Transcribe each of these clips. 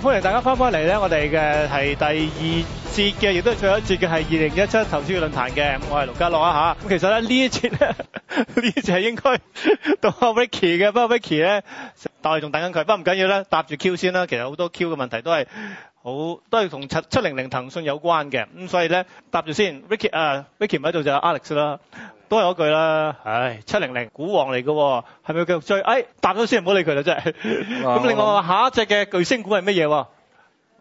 歡迎大家翻返嚟咧，我哋嘅係第二節嘅，亦都係最後一節嘅係二零一七投資月論壇嘅，我係盧家樂啊嚇。咁其實咧呢這一節咧，呢一節應該到阿 Ricky 嘅，不過 Ricky 咧，但我哋仲等緊佢，不過唔緊要咧，搭住 Q 先啦。其實好多 Q 嘅問題都係好都係同七七零零騰訊有關嘅，咁所以咧搭住先。Ricky 啊、uh，Ricky 唔喺度就係、Alex 啦。都有一句啦，唉，七零零股王嚟㗎，係咪繼續追？哎，答咗先，唔好理佢啦，真係。咁另外，下一隻嘅巨星股係乜嘢？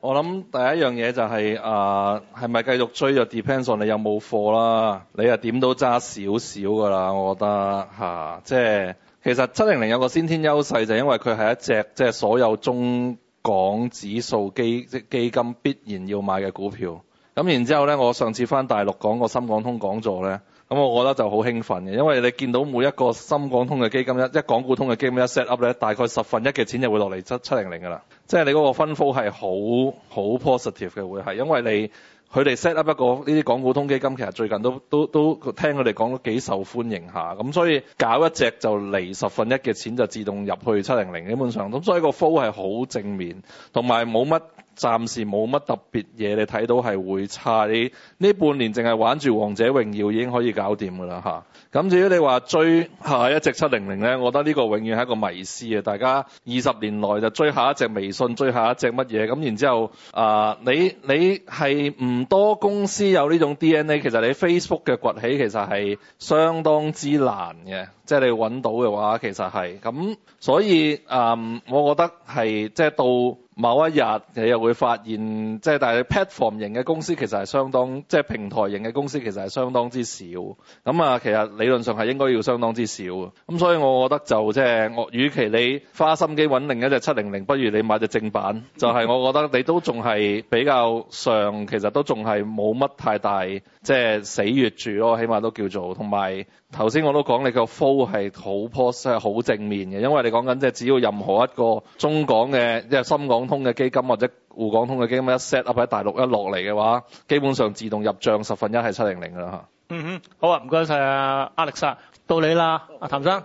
我諗第一樣嘢就係啊，係咪繼續追就 depends on 你有冇貨啦，mm-hmm。你啊點都揸少少㗎啦，我覺得吓，即係，其實七零零有個先天優勢就，就因為佢係一隻即係所有中港指數基基金必然要買嘅股票。咁然之後咧，我上次翻大陸講過深港通講座咧。咁我覺得就好興奮嘅，因為你見到每一個深港通嘅基金一一港股通嘅基金一 set up 咧，大概十分一嘅錢就會落嚟七七零零嘅啦。即係你嗰個 fund flow 係好好 positive 嘅，會係因為你佢哋 set up 一個呢啲港股通基金，其實最近都都都聽佢哋講都幾受歡迎下。咁所以搞一隻就嚟十分一嘅錢就自動入去七零零，基本上咁，所以個 flow 係好正面，同埋冇乜。暫時冇乜特別嘢，你睇到係會差。你呢半年淨係玩住《王者榮耀》已經可以搞掂噶啦嚇。咁至於你話追下一隻七零零呢，我覺得呢個永遠係一個迷思啊！大家二十年內就追下一隻微信，追下一隻乜嘢？咁然之後啊，你你係唔多公司有呢種 DNA。其實你 Facebook 嘅崛起其實係相當之難嘅，即係你揾到嘅話其實係咁。所以啊，我覺得係即係到。某一日你又會發現，即係但係 platform 型嘅公司其實係相當，即係平台型嘅公司其實係相當之少。咁啊，其實理論上係應該要相當之少。咁所以我覺得就即係我，與其你花心機揾另一隻七零零，不如你買隻正版。就係我覺得你都仲係比較上，其實都仲係冇乜太大即係死穴住咯，起碼都叫做同埋。頭先我都講你個 flow 係好 positive 係好正面嘅，因為你講緊即係只要任何一個中港嘅即係深港通嘅基金或者滬港通嘅基金一 set up 喺大陸一落嚟嘅話，基本上自動入賬十分一係七零零噶啦吓，嗯哼，好啊，謝謝啊，唔該晒啊，Alex。到你啦，阿譚生，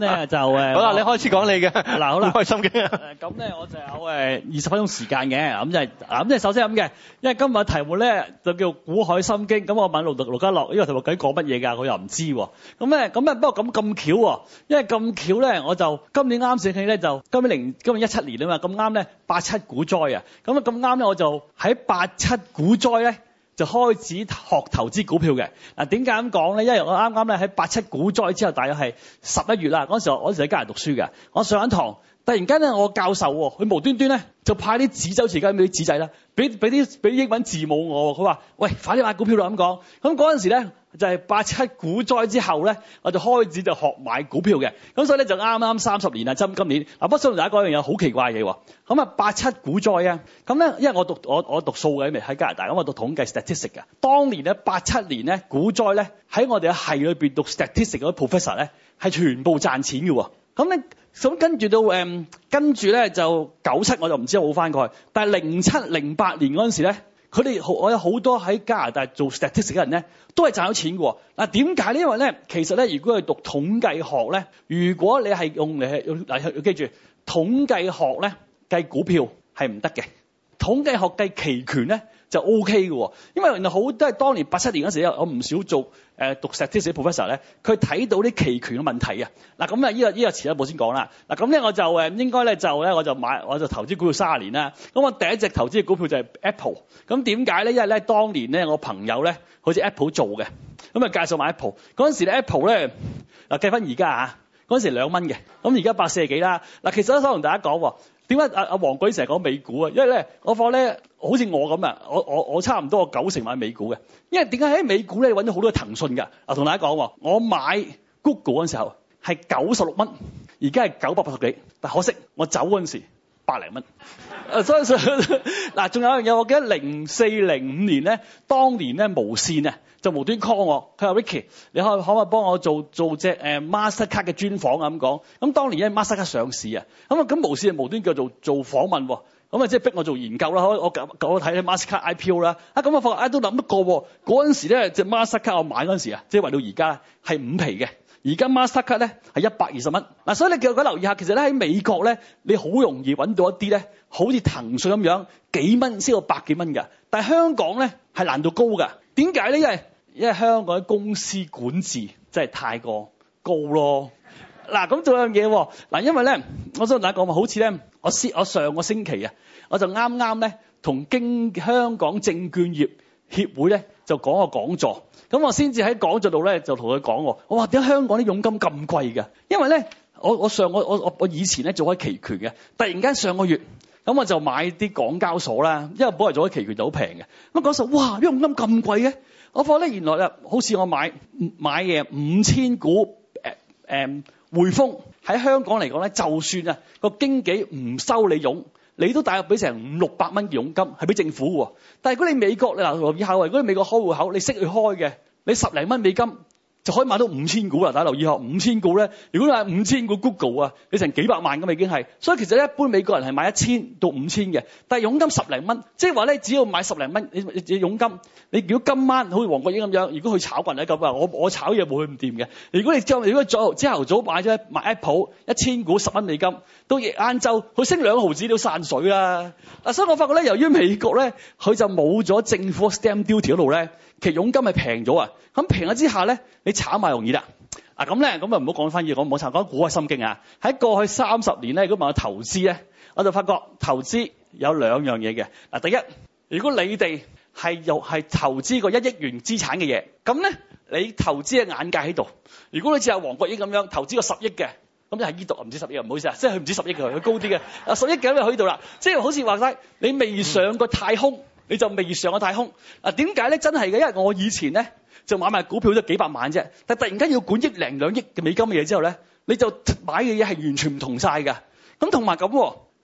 咧就誒， 好啦，你開始講你嘅，嗱，好啦，開心嘅、啊。咁咧我就有誒二十分鐘時間嘅，咁就係、是，咁即係首先咁嘅，因為今日嘅題目咧就叫股海心經，咁我問盧德盧家樂，呢個題目究竟講乜嘢噶？佢又唔知喎。咁咧，咁咧，不過咁咁巧喎，因為咁巧咧，我就今年啱醒起咧，就今年零，今年一七年啊嘛，咁啱咧八七股災啊，咁啊咁啱咧，我就喺八七股災咧。就開始學投資股票嘅嗱，點解咁講咧？因為我啱啱咧喺八七股災之後，大約係十一月啦。嗰時候我嗰陣時喺加拿大讀書嘅，我上緊堂。突然間咧，我教授喎，佢無端端咧就派啲紙週時間俾啲紙仔啦，俾俾啲俾英文字母我。佢話：喂，快啲買股票啦！咁講。咁嗰陣時咧，就係八七股災之後咧，我就開始就學買股票嘅。咁所以咧就啱啱三十年啊，今今年啊，不想同大家講一樣嘢好奇怪嘅嘢喎。咁啊，八七股災啊，咁咧因為我讀我我讀數嘅未喺加拿大，咁我讀統計 statistics 嘅。當年咧八七年咧股災咧，喺我哋嘅系裏邊讀 statistics 嗰啲 professor 咧係全部賺錢嘅喎。咁咧，咁跟住到誒，跟住咧、嗯、就九七我就唔知有冇翻過去，但係零七零八年嗰陣時咧，佢哋我有好多喺加拿大做 statistics 嘅人咧，都係賺咗錢嘅。嗱，點解咧？因為咧，其實咧，如果係讀統計學咧，如果你係用嚟係用要記住統計學咧計股票係唔得嘅，統計學計期權咧。就 O K 嘅，因為原來好多係當年八七年嗰時我唔少做誒讀 statistics professor 咧，佢睇到啲期權嘅問題啊。嗱咁啊，這個呢、這個遲一步先講啦。嗱咁咧我就應該咧就咧我就買我就投資股票三十年啦。咁我第一隻投資嘅股票就係 Apple。咁點解咧？因為咧當年咧我朋友咧好似 Apple 做嘅，咁啊介紹買 Apple。嗰陣時 Apple 咧嗱計翻而家啊，嗰陣時兩蚊嘅，咁而家百四十幾啦。嗱其實都想同大家講點解阿阿黃舉成日講美股啊，因為咧我放咧。好似我咁啊，我我我差唔多九成買美股嘅，因為點解喺美股咧揾咗好多騰訊噶？啊，同大家講，我買 Google 嗰陣時候係九十六蚊，而家係九百八十幾，但可惜我走嗰陣時百零蚊。所以嗱，仲有一樣嘢，我記得零四零五年咧，當年咧無線啊，就無端 call 我，佢話 Vicky，你可可唔可幫我做做隻 Mastercard 嘅專訪咁講。咁當年因為 Mastercard 上市啊，咁啊咁無線無端叫做做訪問。咁啊，即係逼我做研究啦。我我睇下 Mastercard IPO 啦、啊。啊，咁我發覺我都諗得過喎。嗰、啊、陣時咧，隻 Mastercard 我買嗰陣時啊，即係維到而家係五皮嘅。而家 Mastercard 咧係一百二十蚊。嗱，所以你叫我留意下，其實咧喺美國咧，你好容易揾到一啲咧，好似騰訊咁樣幾蚊先有百幾蚊㗎。但係香港咧係難度高㗎。點解咧？因為因為香港嘅公司管治真係太過高咯。嗱咁做樣嘢嗱，因為咧，我想同大家講話，好似咧，我先我上個星期啊，我就啱啱咧同經香港證券業協會咧就講個講座。咁我先至喺講座度咧就同佢講喎，我話點解香港啲佣金咁貴㗎？因為咧，我我上個我我我我以前咧做開期權嘅，突然間上個月咁我就買啲港交所啦，因為本來做開期權便宜就好平嘅。咁講實，哇！呢佣金咁貴嘅，我話咧原來咧好似我買買嘢五千股、呃呃匯豐喺香港嚟講咧，就算啊個經紀唔收你佣，你都帶入俾成五六百蚊嘅傭金，係俾政府嘅。但係如果你美國，嗱你以後啊，如果你美國開戶口，你識去開嘅，你十零蚊美金。就可以買到五千股啦！大家留意下，五千股咧，如果你買五千股 Google 啊，你成幾百萬咁已經係。所以其實一般美國人係買一千到五千嘅，但係佣金十零蚊，即係話咧，只要買十零蚊，你佣金，你如果今晚好似黃國英咁樣，如果佢炒銀啊咁啊，我我炒嘢冇佢唔掂嘅。如果你如果再朝頭早買咗 Apple 一千股，十蚊美金，到晏晝佢升兩毫子你都散水啦。所以我發覺咧，由於美國咧，佢就冇咗政府 stamp duty 嗰度咧。其佣金咪平咗啊！咁平咗之下咧，你炒賣容易啦。啊咁咧，咁啊唔好講翻嘢，我好炒。講古嘅心經啊！喺過去三十年咧，如果問我投資咧，我就發覺投資有兩樣嘢嘅。嗱，第一，如果你哋係又係投資個一億元資產嘅嘢，咁咧你投資嘅眼界喺度。如果你似阿黃國英咁樣投資個十億嘅，咁就係呢度唔止十億。唔好意思啊、就是，即係佢唔止十億佢高啲嘅。啊十億嘅咁就去度啦。即係好似話齋，你未上過太空。嗯你就未上個太空啊？點解咧？真係嘅，因為我以前咧就買埋股票都幾百萬啫，但係突然間要管一億零兩億嘅美金嘅嘢之後咧，你就買嘅嘢係完全唔同晒嘅。咁同埋咁，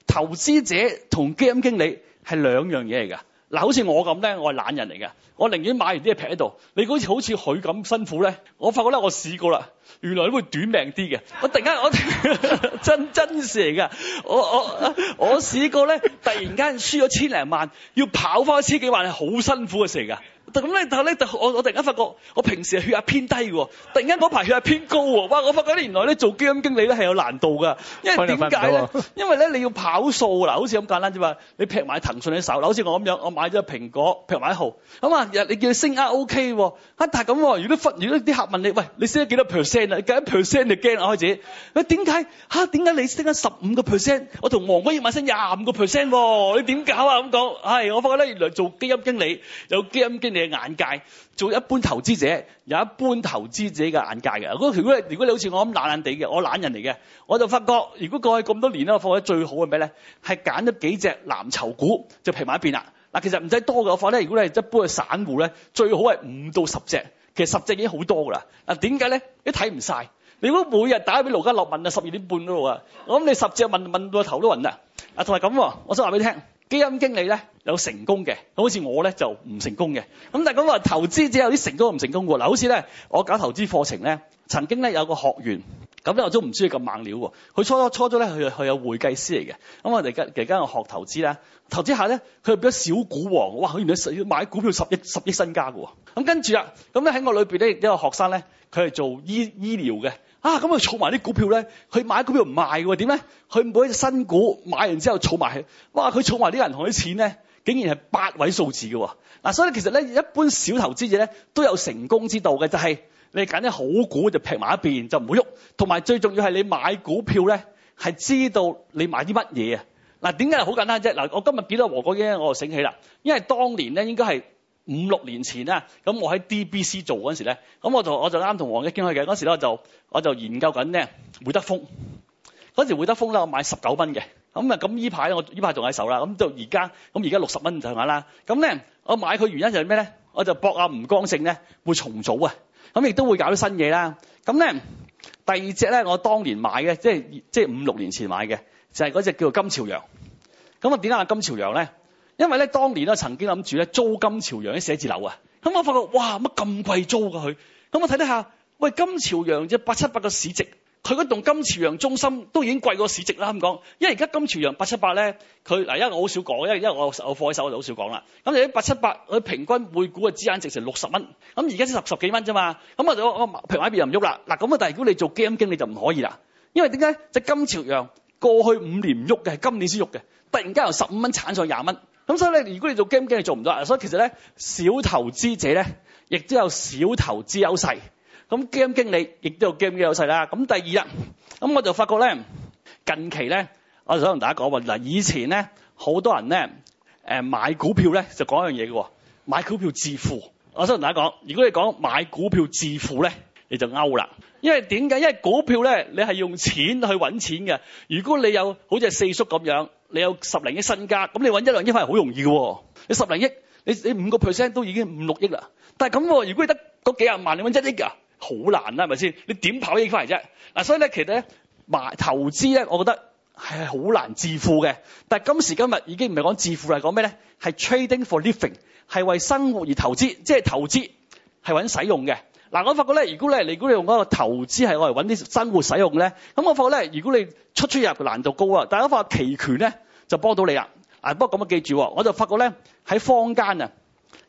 投資者同基金經理係兩樣嘢嚟㗎。嗱，好似我咁咧，我係懶人嚟嘅，我寧願買完啲嘢劈喺度。你好似好似佢咁辛苦咧，我發覺咧我試過啦，原來會短命啲嘅。我突然間我 真真事嚟嘅，我我我試過咧，突然間輸咗千零萬，要跑翻千幾萬係好辛苦嘅事嚟嘅。咁咧，但咧，我我突然間發覺，我平時嘅血壓偏低喎，突然間嗰排血壓偏高喎。哇！我發覺咧，原來咧做基金經理咧係有難度㗎，因為點解咧？因為咧你要跑數嗱，好似咁簡單啫嘛。你劈買騰訊嘅手，嗱，好似我咁樣，我買咗個蘋果，劈買號，咁啊，日你叫你升啊 OK 喎，嚇！但係咁喎，如果忽如果啲客問你，喂，你升咗幾多 percent 啦？計 percent 就驚啦，開始。佢點解嚇？點解你升咗十五個 percent？我同黃哥要買升廿五個 percent 喎？你點搞啊？咁講，係我發覺咧，原來做基金經理，有基金經理嘅眼界，做一般投資者有一般投資者嘅眼界嘅。如果如果你好似我咁懶懶哋嘅，我懶人嚟嘅，我就發覺，如果過去咁多年啦，放喺最好嘅咩咧？係揀咗幾隻藍籌股就平埋一邊啦。嗱，其實唔使多嘅我放咧，如果你係一般嘅散戶咧，最好係五到十隻。其實十隻已經好多㗎啦。嗱，點解咧？你睇唔晒？你如果每日打俾盧家樂問啊，十二點半嗰度啊，我諗你十隻問問到頭都暈啦。啊，同埋咁，我想話俾你聽。基金經理咧有成功嘅，咁好似我咧就唔成功嘅。咁但係咁話投資者有啲成功唔成功喎。嗱，好似咧我搞投資課程咧，曾經咧有個學員，咁咧我都唔知佢咁猛料喎。佢初初初咗咧，佢佢有會計師嚟嘅。咁我哋而家而家我學投資啦，投資下咧佢變咗小股王，哇！佢原來買股票十億十億身家喎。咁跟住啊，咁咧喺我裏面咧一個學學生咧，佢係做醫醫療嘅。啊，咁佢儲埋啲股票咧，佢買股票唔賣嘅喎，點咧？佢每一隻新股買完之後儲埋，哇！佢儲埋啲銀行啲錢咧，竟然係八位數字嘅喎。嗱、啊，所以咧，其實咧，一般小投資者咧都有成功之道嘅，就係、是、你揀啲好股就劈埋一邊，就唔好喐。同埋最重要係你買股票咧，係知道你買啲乜嘢啊？嗱，點解係好簡單啫？嗱、啊，我今日見到黃國英，我就醒起啦，因為當年咧應該係。五六年前咧，咁我喺 DBC 做嗰陣時咧，咁我就我就啱同黃一傾去嘅，嗰時咧就我就研究緊咧會德豐。嗰時會德豐咧，我買十九蚊嘅，咁啊咁依排我依排仲喺手啦，咁就而家，咁而家六十蚊上下啦。咁咧，我買佢原因就係咩咧？我就搏啊吳光正咧會重組啊，咁亦都會搞啲新嘢啦。咁咧第二隻咧，我當年買嘅，即係即係五六年前買嘅，就係嗰隻叫做金朝陽。咁啊點解金朝陽咧？因為咧，當年咧曾經諗住咧租金朝陽嘅寫字樓啊。咁我發覺哇，乜咁貴租㗎佢？咁我睇睇下，喂，金朝陽隻八七八嘅市值，佢嗰棟金朝陽中心都已經貴過市值啦。咁講，因為而家金朝陽八七八咧，佢嗱，因為我好少講，因為因為我我放喺手就好少講啦。咁你啲八七八佢平均每股嘅資產值成六十蚊，咁而家先十十幾蚊啫嘛。咁我就我平買一邊又唔喐啦。嗱咁啊，但係如果你做基金經理就唔可以啦，因為點解？即金朝陽過去五年唔喐嘅，今年先喐嘅，突然間由十五蚊撐上廿蚊。咁所以咧，如果你做基金經理做唔到啊，所以其實咧，小投資者咧，亦都有小投資優勢。咁基金經理亦都有基金經理優勢啦。咁第二日，咁我就發覺咧，近期咧，我就想同大家講話嗱，以前咧，好多人咧，誒買股票咧就講一樣嘢嘅喎，買股票致富。我想同大家講，如果你講買股票致富咧。你就勾啦，因為點解？因為股票咧，你係用錢去揾錢嘅。如果你有好似四叔咁樣，你有十零億身家，咁你揾一兩億翻嚟好容易嘅喎。你十零億，你你五個 percent 都已經五六億啦。但係咁，如果你得嗰幾廿萬，你揾一億啊，好難啦，係咪先？你點跑一億翻嚟啫？嗱，所以咧，其實咧，買投資咧，我覺得係好難致富嘅。但係今時今日已經唔係講致富，係講咩咧？係 trading for living，係為生活而投資，即係投資係揾使用嘅。嗱，我發覺咧，如果咧，如果你用嗰個投資係我嚟揾啲生活使用咧，咁我發覺咧，如果你出出入嘅難度高啊，大家發覺期權咧就幫到你啦。啊，不過咁啊，記住喎，我就發覺咧喺坊間啊，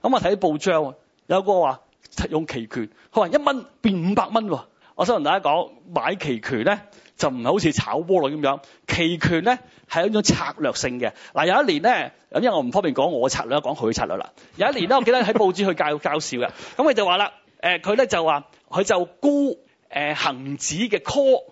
咁我睇報章，啊，有個話用期權，佢話一蚊變五百蚊喎，啊。我想同大家講，買期權咧就唔係好似炒波類咁樣，期權咧係一種策略性嘅。嗱，有一年咧，咁因為我唔方便講我嘅策略，講佢嘅策略啦。有一年咧，我記得喺報紙佢教教笑嘅，咁佢就話啦。誒佢咧就話佢就沽誒恒指嘅 call，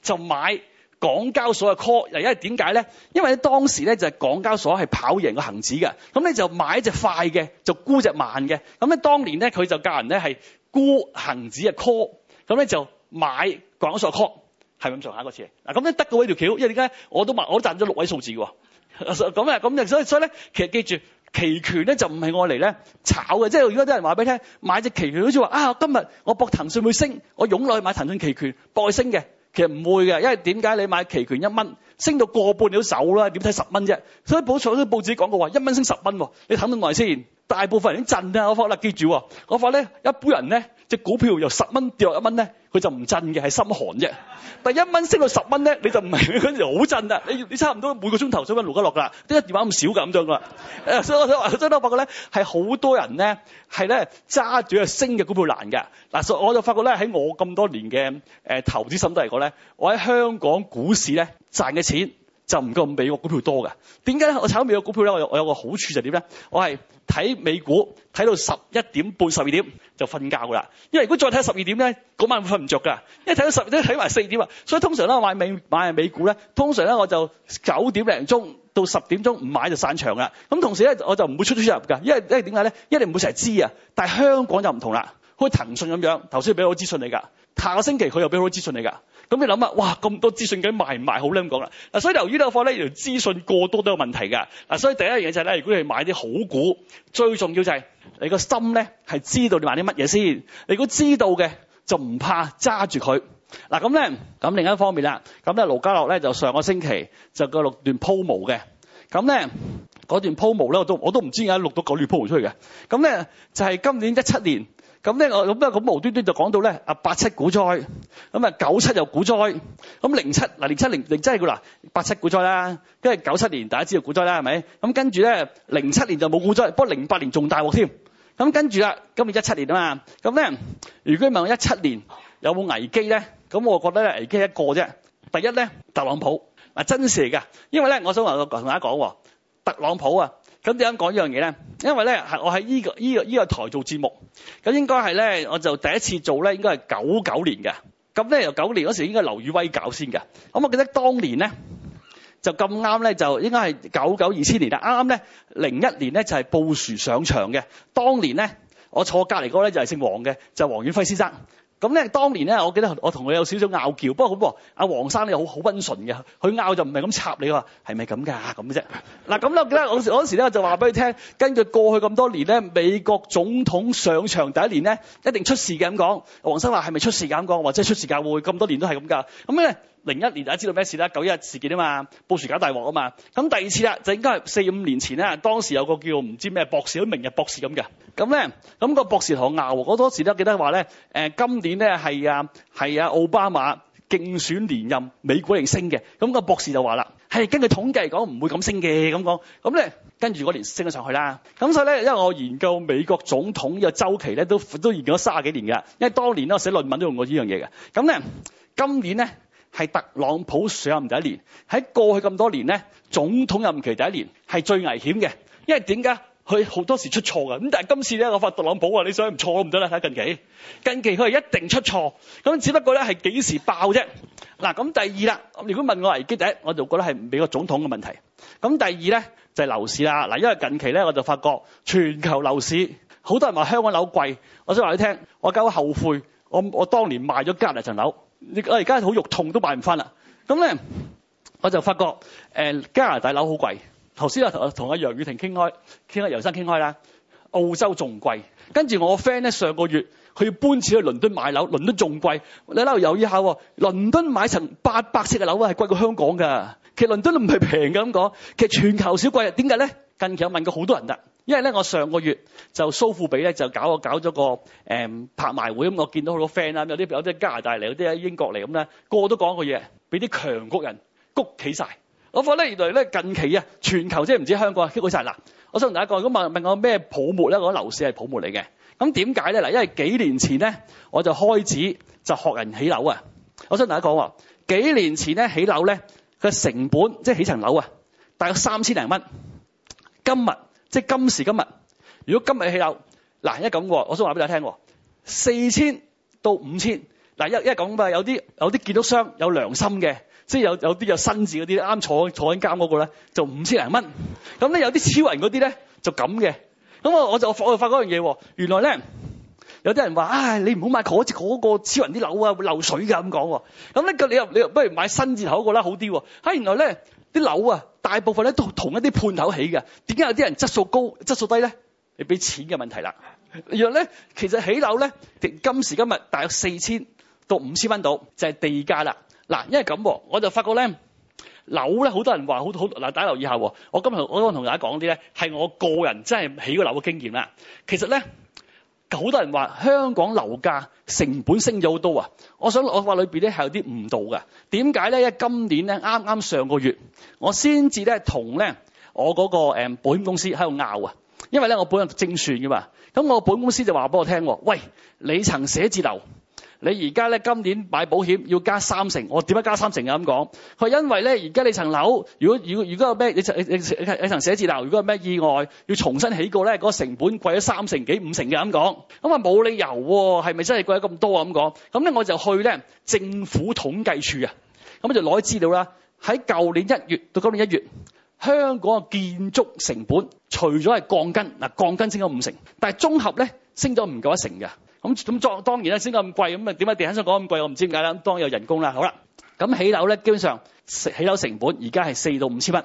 就買港交所嘅 call。又因為點解咧？因為咧當時咧就係港交所係跑贏個恒指嘅，咁咧就買隻快嘅，就沽隻慢嘅。咁咧當年咧佢就教人咧係沽恒指嘅 call，咁咧就買港交所嘅 call，係咁上下個次？嗱咁咧得過呢條橋，因為點解我都買我都賺咗六位數字喎。咁啊咁啊，所以所以咧其實記住。期權呢就唔係攞嚟呢炒嘅，即係如果啲人話俾你聽買隻期權好似話啊，今日我博騰訊會升，我湧落去買騰訊期權博佢升嘅，其實唔會嘅，因為點解你買期權一蚊升到過半要走啦，點睇十蚊啫？所以報錯啲報紙講過話一蚊升十蚊喎，你等咗耐先。大部分人都震啦，我發啦，記住喎。我發咧，一般人咧，隻股票由十蚊跌落一蚊咧，佢就唔震嘅，係心寒啫。但係一蚊升到十蚊咧，你就唔係嗰陣好震啦。你你差唔多每個鐘頭想揾盧家樂噶啦，點解電話咁少㗎咁樣㗎？誒，所以我想話，真係我發覺咧，係好多人咧，係咧揸住個升嘅股票難嘅。嗱，我就發覺咧，喺我咁多年嘅、呃、投資心得嚟講咧，我喺香港股市咧賺嘅錢。就唔夠美國股票多噶。點解咧？我炒美國股票咧，我有我有個好處就點咧？我係睇美股睇到十一點半、十二點就瞓覺噶啦。因為如果再睇到十二點咧，嗰晚會瞓唔着噶。因為睇到十二點睇埋四點啊，所以通常咧買美買美股咧，通常咧我就九點零鐘到十點鐘唔買就散場噶。咁同時咧我就唔會出出入入噶，因為因為點解咧？因為你唔會成日知啊。但係香港就唔同啦，好似騰訊咁樣，頭先俾好多資訊你噶，下個星期佢又俾好多資訊你噶。咁你諗下，哇！咁多資訊咁賣唔賣好咧？咁講啦，嗱，所以由於呢個貨咧，條資訊過多都有問題㗎。嗱，所以第一樣嘢就係咧，如果你買啲好股，最重要就係你個心咧係知道你買啲乜嘢先。你如果知道嘅，就唔怕揸住佢。嗱，咁咧，咁另一方面啦，咁咧盧嘉樂咧就上個星期就個六段鋪模嘅。咁咧嗰段鋪模咧，我都我都唔知點解錄到九段鋪模出嚟嘅。咁咧就係今年一七年。咁咧我咁啊咁無端端就講到咧啊八七股災，咁啊九七又股災，咁零七嗱零七零零真係個嗱八七股災啦，跟住九七年大家知道股災啦係咪？咁跟住咧零七年就冇股災，不過零八年仲大鑊添。咁跟住啦，今年一七年啊嘛，咁咧如果問我一七年有冇危機咧，咁我覺得咧危機一個啫。第一咧特朗普啊真事嚟㗎，因為咧我想話同大家講喎，特朗普啊。咁點樣講呢樣嘢呢？因為呢，我喺呢個呢個呢個台做節目，咁應該係呢，我就第一次做呢，應該係九九年嘅。咁呢，由九年嗰時應該劉雨威搞先嘅。咁我記得當年呢，就咁啱呢，就應該係九九二千年啦。啱啱呢，零一年呢，就係布殊上場嘅。當年呢，我坐隔離嗰個呢，就係姓黃嘅，就係黃遠輝先生。咁咧，當年咧，我記得我同佢有少少拗撬，不過好噃，阿黃生咧好好溫順嘅，佢拗就唔係咁插你話，係咪咁㗎？咁啫。嗱，咁咧，我記得嗰時呢，咧，就話俾佢聽，根據過去咁多年咧，美國總統上場第一年咧，一定出事嘅咁講。黃生話：係咪出事㗎咁講？或話：即係出事㗎喎，咁多年都係咁㗎。咁咧。零一年大家知道咩事啦？九一日事件啊嘛，布殊搞大鑊啊嘛。咁第二次啦，就應該係四五年前啦。當時有個叫唔知咩博士，好似明日博士咁嘅。咁咧，咁個博士同我鬧喎。多當都記得話咧、呃，今年咧係啊係啊奧巴馬競選連任，美股嚟升嘅。咁個博士就話啦，係根據統計講唔會咁升嘅咁講。咁咧，跟住嗰年升咗上去啦。咁所以咧，因為我研究美國總統呢個週期咧，都都研究咗卅幾年嘅。因為當年咧，我寫論文都用過呢樣嘢嘅。咁咧今年咧。係特朗普上任第一年，喺過去咁多年咧，總統任期第一年係最危險嘅，因為點解佢好多時出錯嘅？咁但係今次咧，我發特朗普話：你想唔錯唔得啦，睇近期。近期佢係一定出錯，咁只不過咧係幾時爆啫？嗱，咁第二啦，如果問我危機第一，我就覺得係美國總統嘅問題。咁第二咧就係樓市啦。嗱，因為近期咧我就發覺全球樓市，好多人話香港樓貴，我想話你聽，我感到後悔，我我當年賣咗隔離層樓。你我而家好肉痛都買唔翻啦，咁咧我就發覺、呃、加拿大樓好貴，頭先啊同阿楊宇霆傾開，傾開由生傾開啦，澳洲仲貴，跟住我 friend 咧上個月佢要搬遷去倫敦買樓，倫敦仲貴，你留意下，倫敦買層八百尺嘅樓啊，係貴過香港㗎，其實倫敦都唔係平㗎咁講，其實全球小貴，點解咧？近期我問過好多人㗎。因為咧，我上個月就蘇富比咧，就搞我搞咗個誒、嗯、拍賣會咁。我見到好多 friend 啊，有啲有啲加拿大嚟，有啲喺英國嚟咁咧，個個都講個嘢，俾啲強國人谷企晒。我覺得原來咧近期啊，全球即係唔知香港啊，跌好晒。嗱。我想同大家講咁問問我咩泡沫咧？我覺得樓市係泡沫嚟嘅。咁點解咧？嗱，因為幾年前咧我就開始就學人起樓啊。我想同大家講話，幾年前咧起樓咧嘅成本即係起層樓啊，大概三千零蚊。今日即係今時今日，如果今日起樓，嗱一咁喎，我想話俾大家聽喎，四千到五千，嗱一一咁㗎，有啲有啲建築商有良心嘅，即係有有啲有新字嗰啲，啱坐坐緊監嗰個咧，就五千零蚊。咁咧有啲超人嗰啲咧就咁嘅。咁我我就我就發嗰樣嘢喎，原來咧有啲人話，唉，你唔好買嗰嗰個超人啲樓啊，會漏水㗎，咁講。咁呢佢你又你又不如買新字頭嗰個啦，好啲。喺原來咧。啲樓啊，大部分咧都同一啲判頭起嘅，點解有啲人質素高、質素低咧？你俾錢嘅問題啦。若咧，其實起樓咧，今時今日大約四千到五千蚊到就係地價啦。嗱，因為咁，我就發覺咧，樓咧好多人話好好嗱，大家留意下。我今日我都同大家講啲咧，係我個人真係起個樓嘅經驗啦。其實咧。好多人話香港樓價成本升咗好多啊！我想我話裏邊咧係有啲誤導嘅。點解咧？因為今年咧，啱啱上個月，我先至咧同咧我嗰個誒保險公司喺度拗啊！因為咧我本人精算噶嘛，咁我保險公司就話俾我聽：喂，你層寫字樓。你而家咧今年買保險要加三成，我點解加三成啊？咁講，佢因為咧而家你層樓，如果如果如果有咩你層你你，你，你，你，你，你寫字樓，如果有咩意外要重新起過咧，嗰、嗰個、成本貴咗三成幾五成嘅咁講，咁啊冇理由喎，係咪真係貴咗咁多啊？咁講，咁咧我就去咧政府統計處啊，咁就攞啲資料啦。喺舊年一月到今年一月，香港嘅建築成本除咗係鋼筋嗱鋼筋升咗五成，但係綜合咧升咗唔夠一成嘅。咁咁當然啦，先咁貴咁啊，點解地產商講咁貴？我唔知點解啦。當然有人工啦。好啦，咁起樓咧，基本上起樓成本而家係四到五千蚊。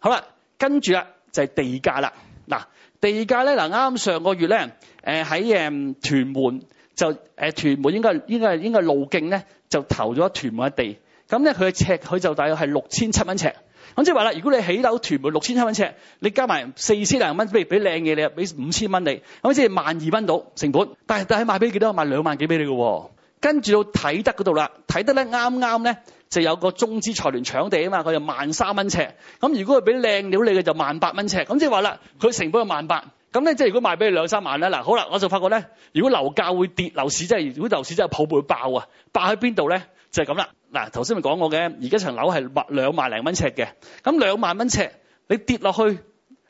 好啦，跟住啦就係地價啦。嗱，地價咧嗱啱啱上個月咧，喺誒屯門就誒屯門應該應該應該路徑咧就投咗屯門一地，咁咧佢嘅尺佢就大約係六千七蚊尺。咁即係話啦，如果你起樓全部六千七蚊尺，你加埋四千零蚊，譬如俾靚嘢你，俾五千蚊你，咁即係萬二蚊度成本。但係但係賣俾幾多？賣兩萬幾俾你嘅喎。跟住到睇得嗰度啦，睇得咧啱啱咧就有個中資財聯搶地啊嘛，佢就萬三蚊尺。咁如果佢俾靚料你嘅就萬八蚊尺。咁即係話啦，佢成本萬八，咁咧即係如果賣俾你兩三萬咧，嗱好啦，我就發覺咧，如果樓價會跌，樓市真係，如果樓市真係泡沫會爆啊！爆喺邊度咧？就係咁啦，嗱頭先咪講過嘅，而家層樓係賣兩萬零蚊尺嘅，咁兩萬蚊尺你跌落去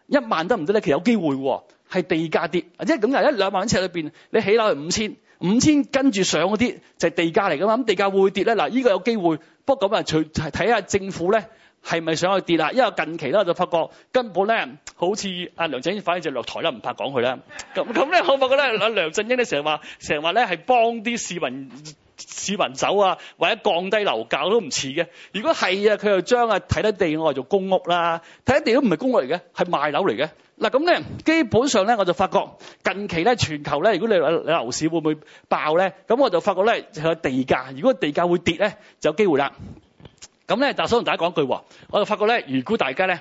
一萬得唔得咧？其實有機會喎，係地價跌，即係咁啊，一兩萬蚊尺裏邊你起樓係五千，五千跟住上嗰啲就係地價嚟噶嘛，咁地價會跌咧？嗱，呢個有機會，不過咁啊，除係睇下政府咧係咪想去跌啊，因為近期咧我就發覺根本咧好似阿梁振英反而就落台啦，唔怕講佢啦，咁咁咧可唔可咧？我發覺咧阿梁振英咧成日話成日話咧係幫啲市民。市民走啊，或者降低樓價都唔似嘅。如果係啊，佢又將啊睇得地我嚟做公屋啦，睇得地都唔係公屋嚟嘅，係賣樓嚟嘅。嗱咁咧，基本上咧我就發覺近期咧全球咧，如果你話你樓市會唔會爆咧？咁我就發覺咧係地價，如果地價會跌咧，就有機會啦。咁咧，但係想同大家講一句話，我就發覺咧，如果大家咧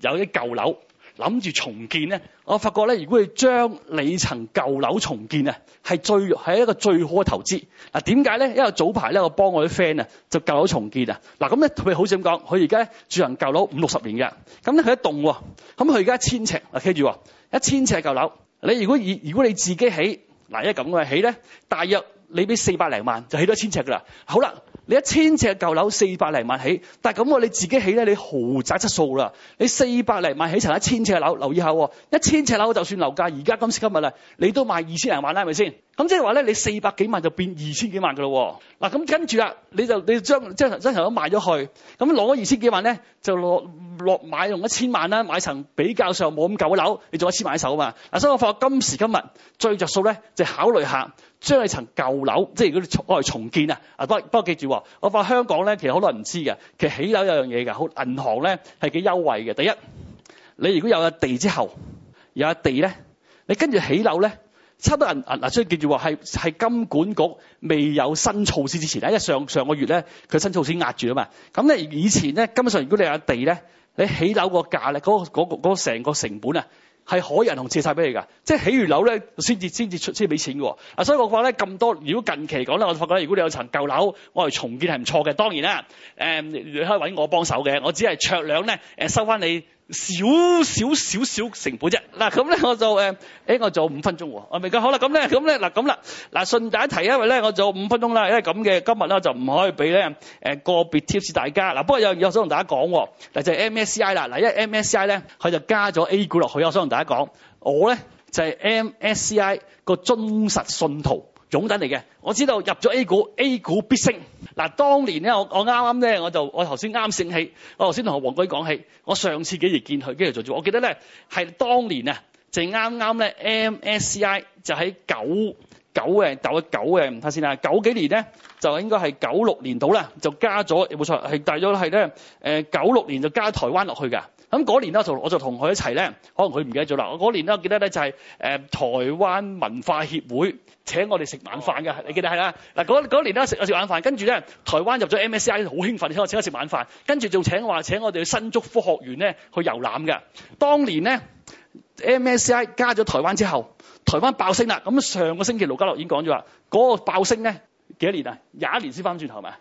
有啲舊樓。諗住重建咧，我發覺咧，如果你將你層舊樓重建啊，係最係一個最好嘅投資嗱。點解咧？因為早排咧，我幫我啲 friend 啊，就舊樓重建啊。嗱，咁咧佢好似咁講？佢而家住人舊樓五六十年嘅，咁咧佢一棟，咁佢而家千尺啊，企住一千尺舊樓。你如果如，如果你自己起嗱，一咁嘅起咧，大約你俾四百零萬就起多千尺噶啦。好啦。你一千尺舊樓四百零萬起，但係咁我你自己起咧，你豪宅質素啦，你四百零萬起成一千尺樓，留意下喎，一千尺樓就算樓價而家今時今日啦，你都賣二千零萬啦，係咪先？咁即係話咧，你四百幾萬就變二千幾萬噶咯喎。嗱咁跟住啊，你就你將將將層都賣咗去，咁攞咗二千幾萬咧，就落落買用一千萬啦，買層比較上冇咁舊嘅樓，你仲可以買一手嘛？嗱，所以我發覺今時今日最着數咧，就考慮下將層舊樓，即係如果嚟重建啊，不過不，不記住我話香港咧，其實好多人唔知嘅，其實起樓有樣嘢嘅，好銀行咧係幾優惠嘅。第一，你如果有咗地之後，有咗地咧，你跟住起樓咧，差唔多銀銀嗱，所以記住話係係金管局未有新措施之前，因為上上個月咧佢新措施壓住啊嘛。咁咧以前咧，根本上如果你有地咧，你起樓個價咧，嗰嗰成個成本啊。可以人行借曬俾你㗎，即係起完樓咧先至先至出俾錢㗎喎。所以我話咧咁多，如果近期講咧，我發覺如果你有層舊樓，我嚟重建係唔錯嘅。當然啦，呃，你可以揾我幫手嘅，我只係酌量咧收翻你。少少少少成本啫，嗱咁咧我就誒誒，我做五分鐘喎，我明㗎，好啦咁咧咁咧嗱咁啦，嗱順帶一提，因為咧我做五分鐘啦，因為咁嘅今日咧就唔可以俾咧誒個別 tips 大家，嗱不過有有想同大家講，嗱就係 MSCI 啦，嗱因為 MSCI 咧佢就加咗 A 股落去，我想同大家講，我咧就係 MSCI 個忠實信徒。總等嚟嘅，我知道入咗 A 股，A 股必升。嗱，當年咧，我我啱啱咧，我就我頭先啱醒起，我頭先同黃舉講起，我上次幾日見佢，幾日做住，我記得咧係當年啊，就啱啱咧 MSCI 就喺九九嘅九一九嘅，唔睇先啦。九幾年咧就應該係九六年度啦，就加咗冇錯，係大咗係咧，誒九六年就加台灣落去噶。咁、那、嗰、個、年咧，我就同佢一齊咧，可能佢唔記得咗啦。那個、我嗰年咧，記得咧就係誒台灣文化協會請我哋食晚飯嘅，你記得係啦嗱。嗰、那個、年咧食我食晚飯，跟住咧台灣入咗 MSCI 好興奮，你可我請我食晚飯，跟住仲請話請我哋去新竹科學園咧去遊覽嘅。當年咧 MSCI 加咗台灣之後，台灣爆升啦。咁上個星期盧嘉樂已經講咗啦，嗰、那個爆升咧幾多年啊？廿一年先翻轉頭嘛？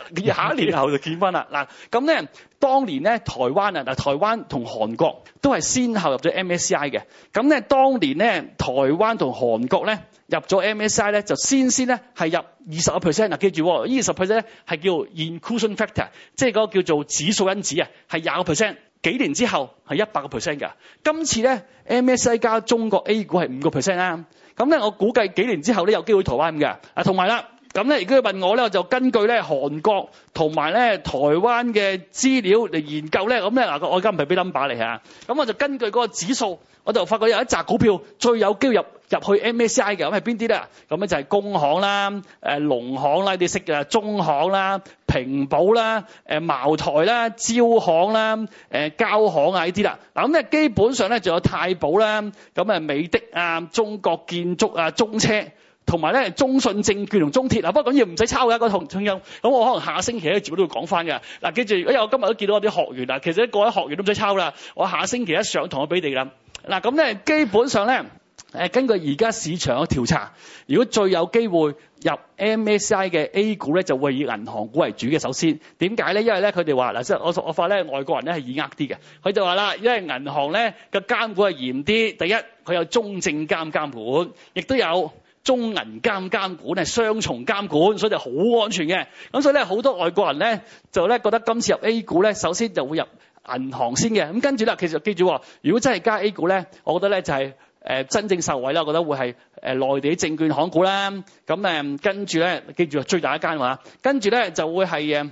下一年後就見翻啦嗱，咁咧當年咧台灣啊，嗱台灣同韓國都係先後入咗 MSCI 嘅，咁咧當年咧台灣同韓國咧入咗 MSCI 咧就先先咧係入二十個 percent 嗱，記住呢二十 percent 咧係叫 inclusion factor，即係嗰個叫做指數因子啊，係廿個 percent，幾年之後係一百個 percent 㗎。今次咧 MSCI 加中國 A 股係五個 percent 啦，咁咧我估計幾年之後咧有機會台灣㗎，嗱同埋啦。咁咧，如果要問我咧，我就根據咧韓國同埋咧台灣嘅資料嚟研究咧，咁咧嗱，我而家唔係俾 number 嚟嚇，咁我就根據嗰個指數，我就發覺有一扎股票最有機會入入去 MSCI 嘅，咁係邊啲咧？咁咧就係工行啦、誒農行啦、你識嘅、中行啦、平保啦、誒茅台啦、招行啦、誒交行啊呢啲啦。嗱，咁咧基本上咧仲有太保啦，咁啊美的啊、中國建築啊、中車。同埋咧，中信證券同中鐵啊，不過咁要唔使抄嘅，個同中，咁我可能下星期咧，基本都要講翻嘅。嗱，記住，如果我今日都見到我啲學員啊，其實各位學員都唔使抄啦，我下星期一上堂我俾你啦。嗱，咁咧基本上咧，誒根據而家市場嘅調查，如果最有機會入 MSCI 嘅 A 股咧，就會以銀行股為主嘅。首先點解咧？因為咧佢哋話嗱，即我我發咧外國人咧係以呃啲嘅，佢就話啦，因為銀行咧嘅監管係嚴啲，第一佢有中證監監管，亦都有。中銀監監管係雙重監管，所以就好安全嘅。咁所以咧，好多外國人咧就咧覺得今次入 A 股咧，首先就會入銀行先嘅。咁跟住啦，其實記住，如果真係加 A 股咧，我覺得咧就係、是呃、真正受惠啦，我覺得會係、呃、內地啲證券行股啦。咁、嗯、跟住咧，記住最大一間話，跟住咧就會係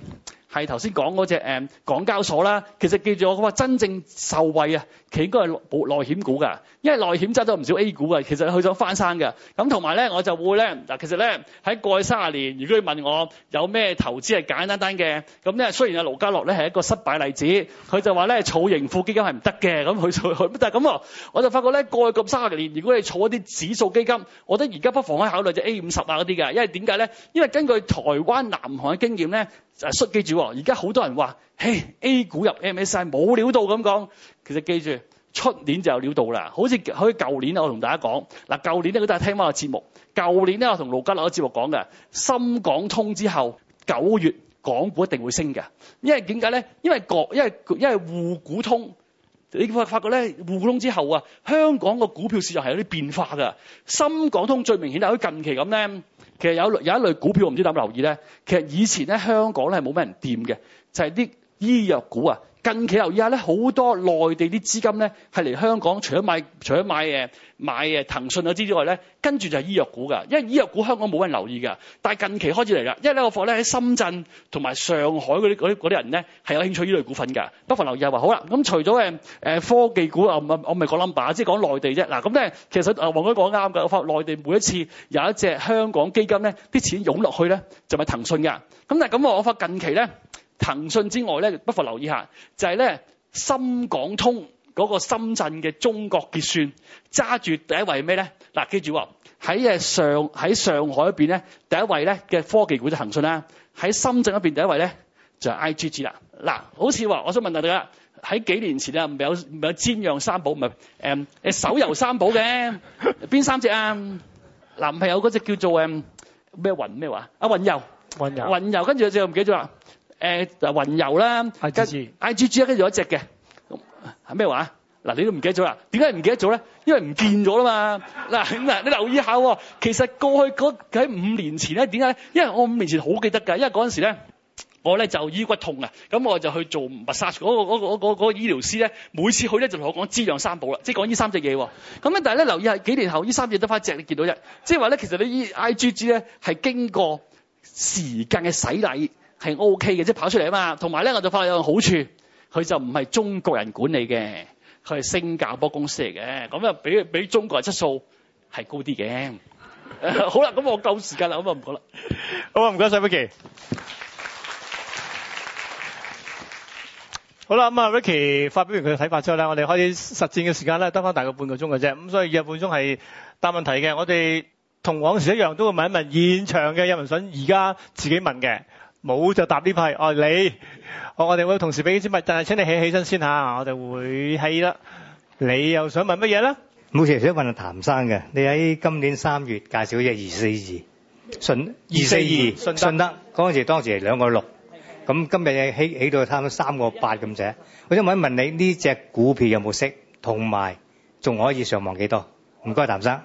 係頭先講嗰隻港交所啦。其實記住我講話真正受惠啊！佢應該係保內險股㗎，因為內險揸咗唔少 A 股㗎。其實佢想翻生嘅咁，同埋咧，我就會咧嗱。其實咧喺過去三十年，如果你問我有咩投資係簡單單嘅咁咧，雖然阿盧嘉樂咧係一個失敗例子，佢就話咧，儲盈富基金係唔得嘅咁。佢就去，但係咁，我就發覺咧，過去咁三十年，如果你儲一啲指數基金，我覺得而家不妨可以考慮就 A 五十啊嗰啲嘅，因為點解咧？因為根據台灣南韓嘅經驗咧，就捉機主而家好多人話：嘿，A 股入 MSCI 冇料到咁講。其實記住，出年就有料到啦。好似好似舊年我同大家講嗱，舊年咧佢都係聽翻個節目。舊年咧，我同盧家樂個節目講嘅深港通之後，九月港股一定會升嘅。因為點解咧？因為國，因為因為滬股通，你發發覺咧，滬股通之後啊，香港個股票市場係有啲變化嘅。深港通最明顯咧，好似近期咁咧，其實有有一類股票，我唔知點留意咧。其實以前咧，香港咧係冇咩人掂嘅，就係啲醫藥股啊。近期留意下咧，好多內地啲資金咧係嚟香港，除咗買除咗買誒買誒騰訊啊之外咧，跟住就係醫藥股㗎，因為醫藥股香港冇人留意㗎，但係近期開始嚟㗎，因為呢個貨咧喺深圳同埋上海嗰啲嗰啲嗰啲人咧係有興趣呢類股份㗎，不妨留意下。話好啦，咁除咗誒、呃、科技股啊，唔係我唔係講 number，即係講內地啫。嗱咁咧，其實啊黃哥講啱㗎，我發內地每一次有一隻香港基金咧，啲錢湧落去咧就係騰訊㗎。咁但係咁我發近期咧。騰訊之外咧，不妨留意一下，就係、是、咧深港通嗰個深圳嘅中國結算揸住第一位咩咧？嗱，記住喎，喺誒上喺上海邊咧第一位咧嘅科技股就騰訊啦，喺深圳一邊第一位咧就係 I G G 啦。嗱，好似話我想問下大家，喺幾年前啊，唔有唔有煎釀三寶，唔係誒誒手遊三寶嘅邊三隻啊？男朋友嗰隻叫做誒咩雲咩話？阿雲遊，雲遊，雲遊，跟住就唔記得咗啦。誒、呃、嗱，雲遊啦，跟住 I G G 咧，跟住有一隻嘅，係咩話？嗱，你都唔記得咗啦？點解唔記得咗呢？因為唔見咗啦嘛！嗱， 你留意下喎、哦，其實過去嗰喺五年前呢，點解？因為我五年前好記得㗎，因為嗰陣時呢，我呢就醫骨痛啊，咁我就去做 massage 嗰個嗰、那個嗰、那個醫療師呢，每次去呢就同我講滋養三寶啦，即、就、係、是、講呢三隻嘢喎。咁咧，但係咧留意下幾年後，呢三隻得返一隻，你見到一，即係話呢，其實你 I G G 呢，係經過時間嘅洗禮。係 O K 嘅，即係跑出嚟啊嘛。同埋咧，我就發現有個好處，佢就唔係中國人管理嘅，佢係新加坡公司嚟嘅，咁就比比中國人質素係高啲嘅。好啦，咁我夠時間啦，咁啊唔講啦。好啊，唔該曬，Ricky。好啦，咁啊，Ricky 發表完佢嘅睇法之後咧，我哋開始實戰嘅時間咧，得翻大概半個鐘嘅啫。咁所以半鐘係答問題嘅。我哋同往時一樣，都會問一問現場嘅人想，而家自己問嘅。冇就答呢批哦，你我我哋會同時俾啲禮物，但係請你起起身先吓，我就會起啦。你又想問乜嘢咧？冇事，想問下譚生嘅。你喺今年三月介紹嘅二四二，信二四二，信德，信德嗰陣時當時係兩個六，咁今日起起到差唔多三個八咁者。我想問一問你呢隻股票有冇息，同埋仲可以上望幾多？唔該，譚生。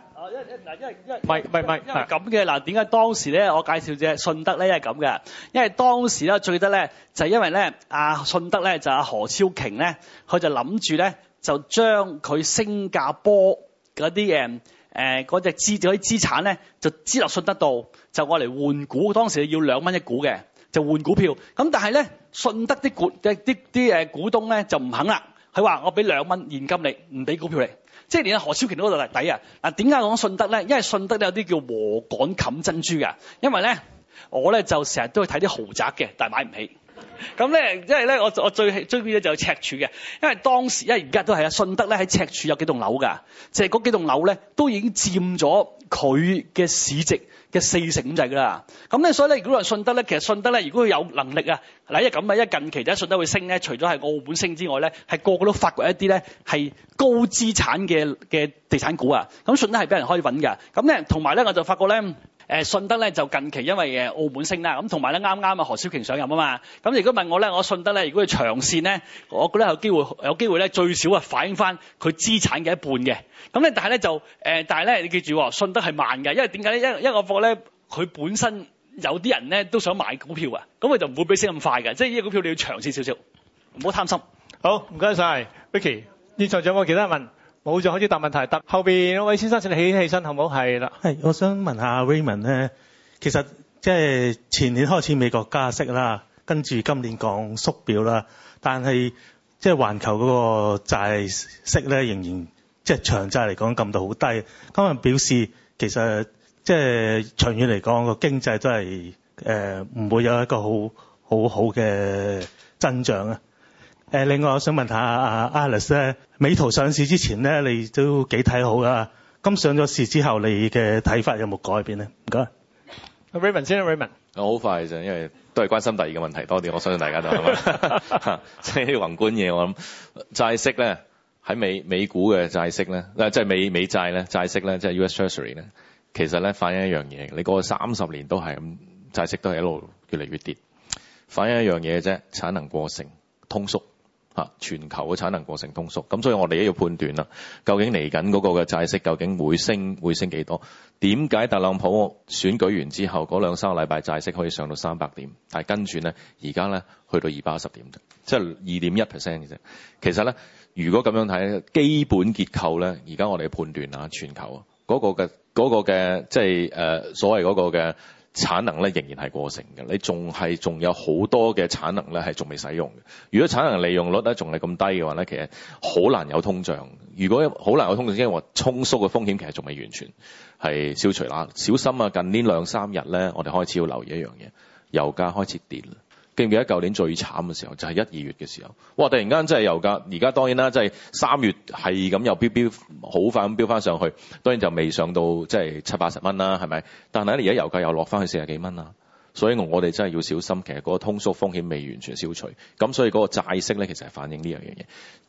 嗱，因為因為唔係唔係唔係咁嘅，嗱，點解當時咧？我介紹隻信德咧，係咁嘅，因為當時咧最得咧就因為咧啊，信德咧就阿何超瓊咧，佢就諗住咧就將佢新加坡嗰啲誒誒嗰隻資嗰啲資產咧就資入信德度，就攞嚟換股，當時要兩蚊一股嘅，就換股票。咁但係咧，信德啲股嘅啲啲誒股東咧就唔肯啦，佢話我俾兩蚊現金你，唔俾股票你。即係連何超瓊都喺度抵啊！嗱，點解講信德咧？因為信德有啲叫禾稈冚珍珠㗎，因為咧，我咧就成日都去睇啲豪宅嘅，但係買唔起。咁咧，因為咧，我最我最追啲咧就係赤柱嘅。因為當時，因為而家都係啊，信德咧喺赤柱有幾棟樓㗎，即係嗰幾棟樓咧都已經佔咗佢嘅市值。嘅四成就噶啦，咁咧所以咧如果話順德咧，其實順德咧，如果佢有能力啊，嗱，因為咁啊，近期就喺順德會升咧，除咗係澳門升之外咧，係個個都發掘一啲咧係高資產嘅嘅地產股啊，咁順德係俾人可以揾噶，咁咧同埋咧我就發覺咧。誒信德咧就近期因為澳門升啦，咁同埋咧啱啱啊何小瓊上任啊嘛，咁如果問我咧，我信德咧如果佢長線咧，我覺得有機會有機會咧最少啊反映翻佢資產嘅一半嘅，咁咧但係咧就但係咧你記住，信德係慢嘅，因為點解咧？一一個貨咧，佢本身有啲人咧都想買股票啊，咁佢就唔會俾升咁快嘅，即係呢個股票你要長線少少，唔好貪心。好，唔該晒，Vicky，現場仲有冇其他問？冇就開始答問題。答後面，位先生請你起起身，好唔好？係啦。係，我想問下 Raymond 咧，其實即係前年開始美國加息啦，跟住今年降縮表啦，但係即係環球嗰個債息咧仍然即係、就是、長債嚟講撳到好低。今日表示其實即係長遠嚟講個經濟都係誒唔會有一個好好好嘅增長啊。誒，另外我想問下阿 Alex 咧，美圖上市之前咧，你都幾睇好噶。咁上咗市之後，你嘅睇法有冇改變咧？唔該 Raymond 先 Raymond 我好快就，因為都係關心第二個問題多啲。我相信大家都係即係宏觀嘢。我諗債息咧，喺美美股嘅債息咧，誒即係美美債咧，債息咧，即係 US Treasury 咧，其實咧反映一樣嘢嘅。你過三十年都係咁，債息都係一路越嚟越跌，反映一樣嘢啫，產能過剩、通縮。.吓，全球嘅產能過剩、通縮，咁所以我哋都要判斷啦，究竟嚟緊嗰個嘅債息究竟會升，會升幾多？點解特朗普選舉完之後嗰兩三個禮拜債息可以上到三百點，但係跟住咧、就是，而家咧去到二百一十點，即係二點一 percent 嘅啫。其實咧，如果咁樣睇，基本結構咧，而家我哋嘅判斷啊，全球嗰個嘅嗰個嘅即係誒所謂嗰個嘅。產能咧仍然係過剩嘅，你仲係仲有好多嘅產能咧係仲未使用嘅。如果產能利用率咧仲係咁低嘅話咧，其實好難有通脹。如果好難有通脹的，即係話通縮嘅風險其實仲未完全係消除啦。小心啊！近年兩三日咧，我哋開始要留意一樣嘢，油價開始跌啦。記唔記得舊年最慘嘅時候就係、是、一、二月嘅時候，哇！突然間真係油價，而家當然啦，即係三月係咁又飆飆，好快咁飆翻上去，當然就未上到即係、就是、七八十蚊啦，係咪？但係而家油價又落翻去四十幾蚊啦，所以我哋真係要小心，其實嗰個通縮風險未完全消除，咁所以嗰個債息咧其實係反映呢樣嘢。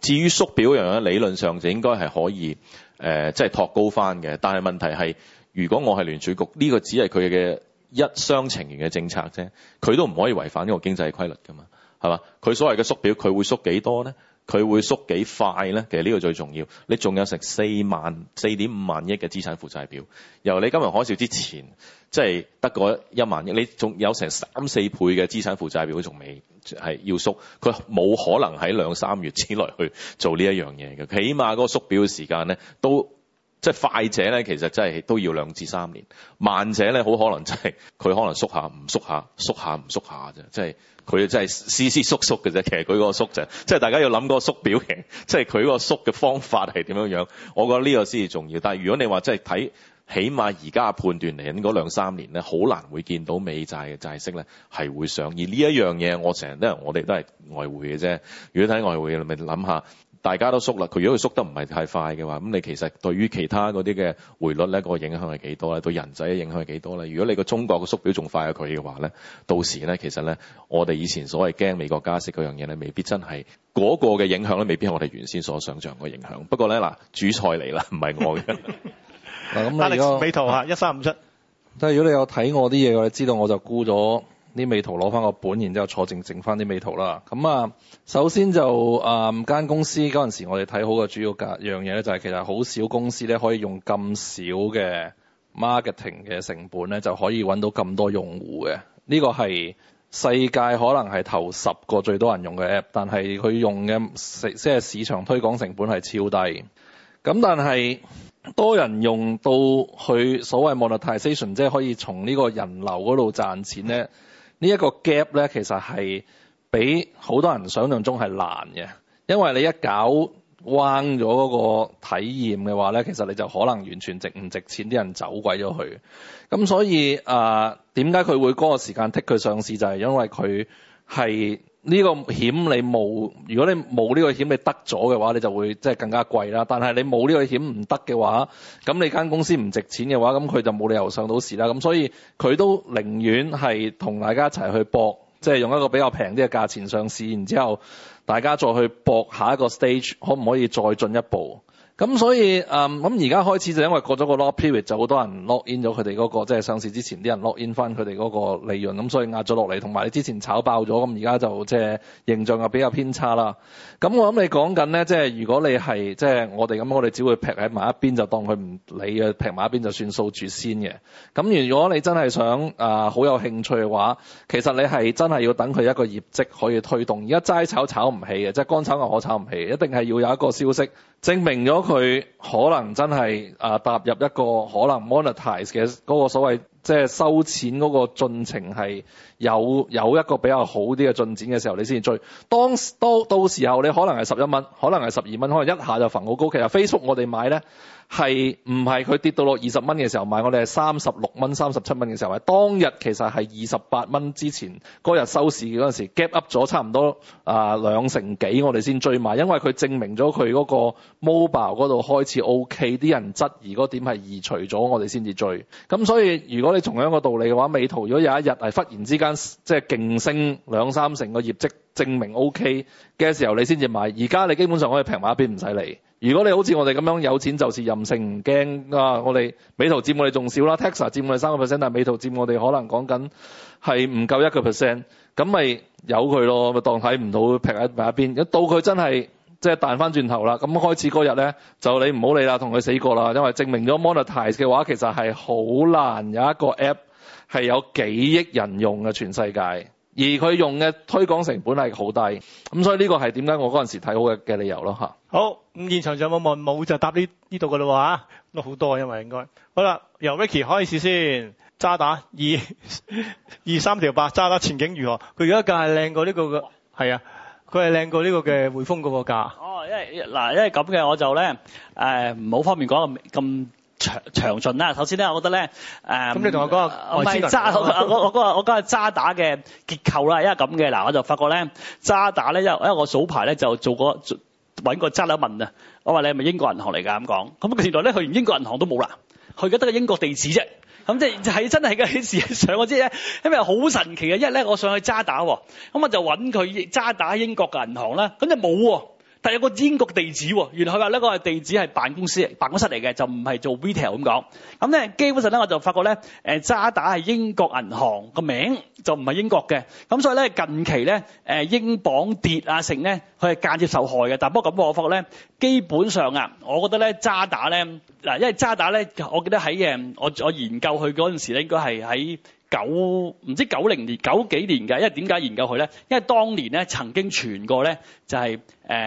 至於縮表樣咧，理論上就應該係可以即係、呃就是、托高翻嘅，但係問題係如果我係聯儲局，呢、這個只係佢嘅。一廂情願嘅政策啫，佢都唔可以違反呢個經濟規律噶嘛，係嘛？佢所謂嘅縮表，佢會縮幾多咧？佢會縮幾快咧？其實呢個最重要。你仲有成四萬、四點五萬億嘅資產負債表，由你金融海嘯之前，即係得個一萬億，你仲有成三四倍嘅資產負債表仲未係要縮，佢冇可能喺兩三月之內去做呢一樣嘢嘅。起碼嗰個縮表嘅時間咧都即係快者咧，其實真係都要兩至三年；慢者咧，好可能真係佢可能縮下唔縮下，縮下唔縮下啫。即係佢真係絲絲縮縮嘅啫。其實佢個縮就係、即係大家要諗嗰個縮表情，即係佢個縮嘅方法係點樣樣。我覺得呢個先至重要。但係如果你話真係睇，起碼而家嘅判斷嚟緊嗰兩三年咧，好難會見到美債嘅債息咧係會上。而呢一樣嘢，我成日都係我哋都係外匯嘅啫。如果睇外匯，你咪諗下。大家都縮啦，佢如果佢縮得唔係太快嘅話，咁你其實對於其他嗰啲嘅匯率咧、嗰個影響係幾多咧？對人仔嘅影響係幾多咧？如果你個中國嘅縮表仲快過佢嘅話咧，到時咧其實咧，我哋以前所謂驚美國加息嗰樣嘢咧，未必真係嗰個嘅影響咧，未必係我哋原先所想像嘅影響。不過咧嗱，主菜嚟啦，唔係我嘅、 啊。嗱咁你個美圖下，一三五七，但係如果你有睇我啲嘢嘅，你知道我就沽咗。啲美圖攞翻個本，然之後坐靜靜翻啲美圖啦。咁啊，首先就啊間、呃、公司嗰陣時，我哋睇好嘅主要格樣嘢咧，就係、是、其實好少公司咧可以用咁少嘅 marketing 嘅成本咧，就可以揾到咁多用戶嘅。呢、這個係世界可能係頭十個最多人用嘅 app，但係佢用嘅即係市場推廣成本係超低。咁但係多人用到去所謂 monetization 即係可以從呢個人流嗰度賺錢咧。呢、這、一個 gap 咧，其實係比好多人想象中係難嘅，因為你一搞彎咗嗰個體驗嘅話咧，其實你就可能完全值唔值錢，啲人走鬼咗去。咁所以啊，點解佢會嗰個時間剔佢上市就係、是、因為佢係。呢個險你冇，如果你冇呢個險你得咗嘅話，你就會即係更加貴啦。但係你冇呢個險唔得嘅話，咁你間公司唔值錢嘅話，咁佢就冇理由上到市啦。咁所以佢都寧願係同大家一齊去搏，即係用一個比較平啲嘅價錢上市，然之後大家再去搏下一個 stage，可唔可以再進一步？咁所以誒，咁而家開始就因為過咗個 lock period，就好多人 lock in 咗佢哋嗰個即係、就是、上市之前啲人 lock in 翻佢哋嗰個利潤，咁所以壓咗落嚟，同埋你之前炒爆咗，咁而家就即係、就是、形象又比較偏差啦。咁我諗你講緊咧，即係如果你係即係我哋咁，我哋只會劈喺埋一邊，就當佢唔理嘅，劈埋一邊就算數住先嘅。咁如果你真係想誒好、呃、有興趣嘅話，其實你係真係要等佢一個業績可以推動，而家齋炒炒唔起嘅，即係乾炒又可炒唔起，一定係要有一個消息證明咗。佢可能真係啊，踏入一個可能 monetize 嘅嗰、嗰個所謂，即係收錢嗰個進程係有有一個比較好啲嘅進展嘅時候，你先至追。當當到，到時候，你可能係十一蚊，可能係十二蚊，可能一下就浮好高。其實 Facebook，我哋買咧。係唔係佢跌到落二十蚊嘅時候買？我哋係三十六蚊、三十七蚊嘅時候買。當日其實係二十八蚊之前嗰日收市嗰陣時 gap up 咗差唔多啊呃，兩成幾，我哋先追買，因為佢證明咗佢嗰個 mobile 嗰度開始 O K。啲人質疑嗰點係移除咗，我哋先至追。咁所以如果你同樣個道理嘅話，美圖如果有一日係忽然之間即係勁升兩三成嘅業績證明 O K 嘅時候，你先至買。而家你基本上可以平埋一邊唔使理。如果你好似我哋咁樣有錢就是任性唔驚啊！我哋美圖佔我哋仲少啦，Tesla 佔我哋三個 percent，但係美圖佔我哋可能講緊係唔夠一個 percent，咁咪由佢咯，咪當睇唔到劈喺一邊。一到佢真係即係彈翻轉頭啦，咁開始嗰日咧就你唔好理啦，同佢死過啦，因為證明咗 Monetize 嘅話其實係好難有一個 app 係有幾億人用嘅全世界。而佢用嘅推廣成本係好低，咁所以呢個係點解我嗰陣時睇好嘅嘅理由咯吓。好，咁現場仲有冇問，冇就答呢，呢度噶啦喎，都好多因為應該。好啦，由 Vicky 開始先，渣打二二三條八，渣打前景如何？佢而家價係靚過呢個嘅，係啊，佢係靚過呢個嘅匯豐嗰個價。哦，因為嗱，因為咁嘅我就咧誒唔好方便講咁咁。詳詳盡啦。首先咧，我覺得咧，誒、嗯，咁你同我講下，唔係渣，我我講下，我講渣打嘅結構啦。因為咁嘅嗱，我就發覺咧，渣打咧，因因為我早排咧就做過揾個渣打問啊，我話你係咪英國銀行嚟㗎？咁講，咁原來咧去完英國銀行都冇啦，佢而家得個英國地址啫。咁即係真係嘅事實上，我知咧，因為好神奇嘅，因為咧我上去渣打，咁我就揾佢渣打英國銀行啦，咁就冇。但有個英國地址喎，原來佢話呢個地址係辦公室、辦公室嚟嘅，就唔係做 retail 咁講。咁咧，基本上咧我就發覺咧，誒渣打係英國銀行，個名就唔係英國嘅，咁所以咧近期咧誒英鎊跌啊成咧，佢係間接受害嘅。但不過咁，我發覺咧基本上啊，我覺得咧渣打咧嗱，因為渣打咧，我記得喺誒我我研究佢嗰陣時咧，應該係喺。九唔知九零年九幾年嘅，因為點解研究佢咧？因為當年咧曾經傳過咧、就是，就係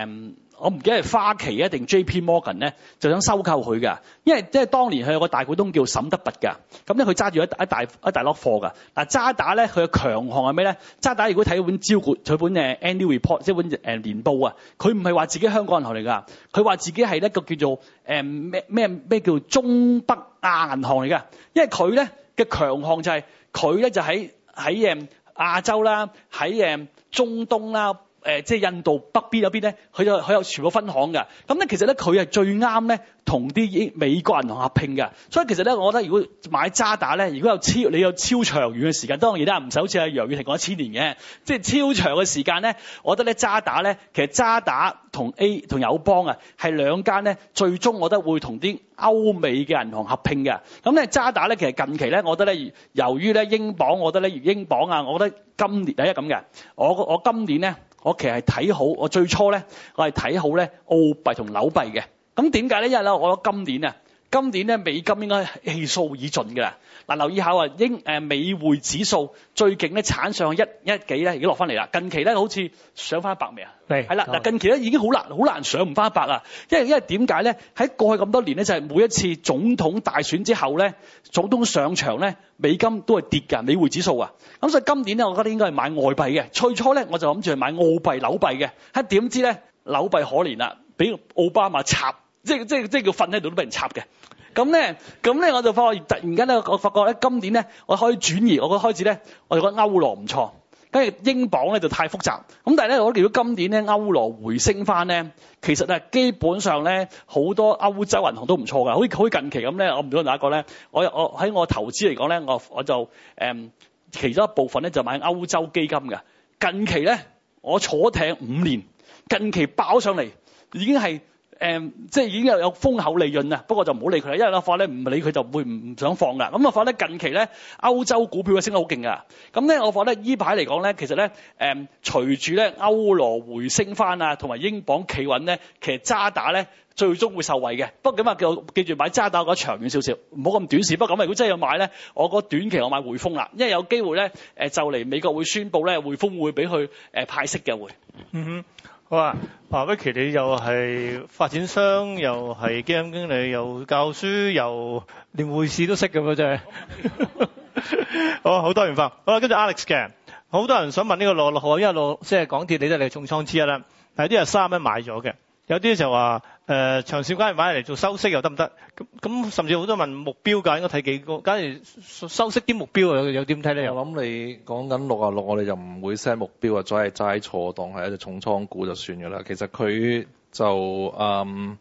誒，我唔記得係花旗一定 JP Morgan 咧，就想收購佢㗎。因為即係當年佢有個大股東叫沈德拔噶，咁咧佢揸住一一大一大，一大，大貨噶。嗱渣打咧，佢嘅強項係咩咧？渣打如果睇一本招股，佢本 Annual Report 即係本誒年報啊，佢唔係話自己香港銀行嚟噶，佢話自己係一個叫做誒咩咩咩叫中北亞銀行嚟噶，因為佢咧。嘅強項就係佢咧就喺喺誒亞洲啦，喺誒中東啦。誒，即係印度北邊嗰邊咧，佢有佢有全部分行嘅咁咧。其實咧，佢係最啱咧，同啲美國銀行合拼嘅。所以其實咧，我覺得如果買渣打咧，如果有超你有超長遠嘅時間，當然啦，唔使好似阿楊宇霆講一千年嘅，即係超長嘅時間咧。我覺得咧，渣打咧，其實渣打同 A 同友邦啊，係兩間咧，最終我覺得會同啲歐美嘅銀行合拼嘅。咁咧，渣打咧，其實近期咧，我覺得咧，由於咧英鎊，我覺得咧，如英鎊啊，我覺得今年第一咁嘅。我我今年咧。我其實係睇好，我最初咧，我係睇好咧澳幣同紐幣嘅。咁點解咧？因為咧，我今年啊。今年咧美金應該係氣數已盡嘅啦。嗱，留意下喎，英誒美匯指數最近咧，撐上一一幾咧，已經落翻嚟啦。近期咧好似上翻一百未啊？係係啦。嗱，近期咧已經好難好難上唔翻一百啦。因為因為點解咧？喺過去咁多年咧，就係每一次總統大選之後咧，總統上場咧，美金都係跌嘅，美匯指數啊。咁所以今年咧，我覺得應該係買外幣嘅。最初咧，我就諗住係買澳幣、紐幣嘅，點知咧紐幣可憐啦，俾奧巴馬插。即即即叫瞓喺度都俾人插嘅，咁咧咁咧我就發覺，突然間咧，我發覺咧今年咧，我可以轉移，我開始咧，我就覺得歐羅唔錯，跟住英鎊咧就太複雜。咁但係咧，我如果今年咧歐羅回升翻咧，其實咧基本上咧好多歐洲銀行都唔錯嘅。好似好似近期咁咧，我唔同大家講咧，我我喺我投資嚟講咧，我我就誒、嗯、其中一部分咧就買歐洲基金嘅。近期咧我坐艇五年，近期爆上嚟已經係。誒、嗯，即係已經有有豐厚利潤啦，不過就唔好理佢啦。因為我發咧唔理佢就會唔唔想放噶。咁啊，發咧近期咧歐洲股票嘅升得好勁噶。咁咧我覺得依排嚟講咧，其實咧誒、嗯、隨住咧歐羅回升翻啊，同埋英鎊企穩咧，其實渣打咧最終會受惠嘅。不過咁啊，記記住買渣打我講長遠少少，唔好咁短視。不過咁啊，如果真係要買咧，我覺得短期我買匯豐啦，因為有機會咧誒、呃、就嚟美國會宣佈咧匯豐會俾佢誒派息嘅會。嗯哼。好啊，阿、啊、Vicky 你又係發展商，又係基金經理，又教書，又連會試都識㗎。啊！ 真係，好好多元化，好啊，跟住 Alex 嘅，好多人想問呢個落落號，因為落即係港鐵，你都係重倉之一啦。但係三蚊買咗嘅。有啲就話誒、呃、長線間，買嚟做收息又得唔得？咁咁甚至好多問目標價，應該睇幾高？假如收息啲目標有有點睇咧？我諗你講緊六啊六，我哋就唔會 set 目標啊，再係齋錯當係一隻重倉股就算㗎啦。其實佢就嗯。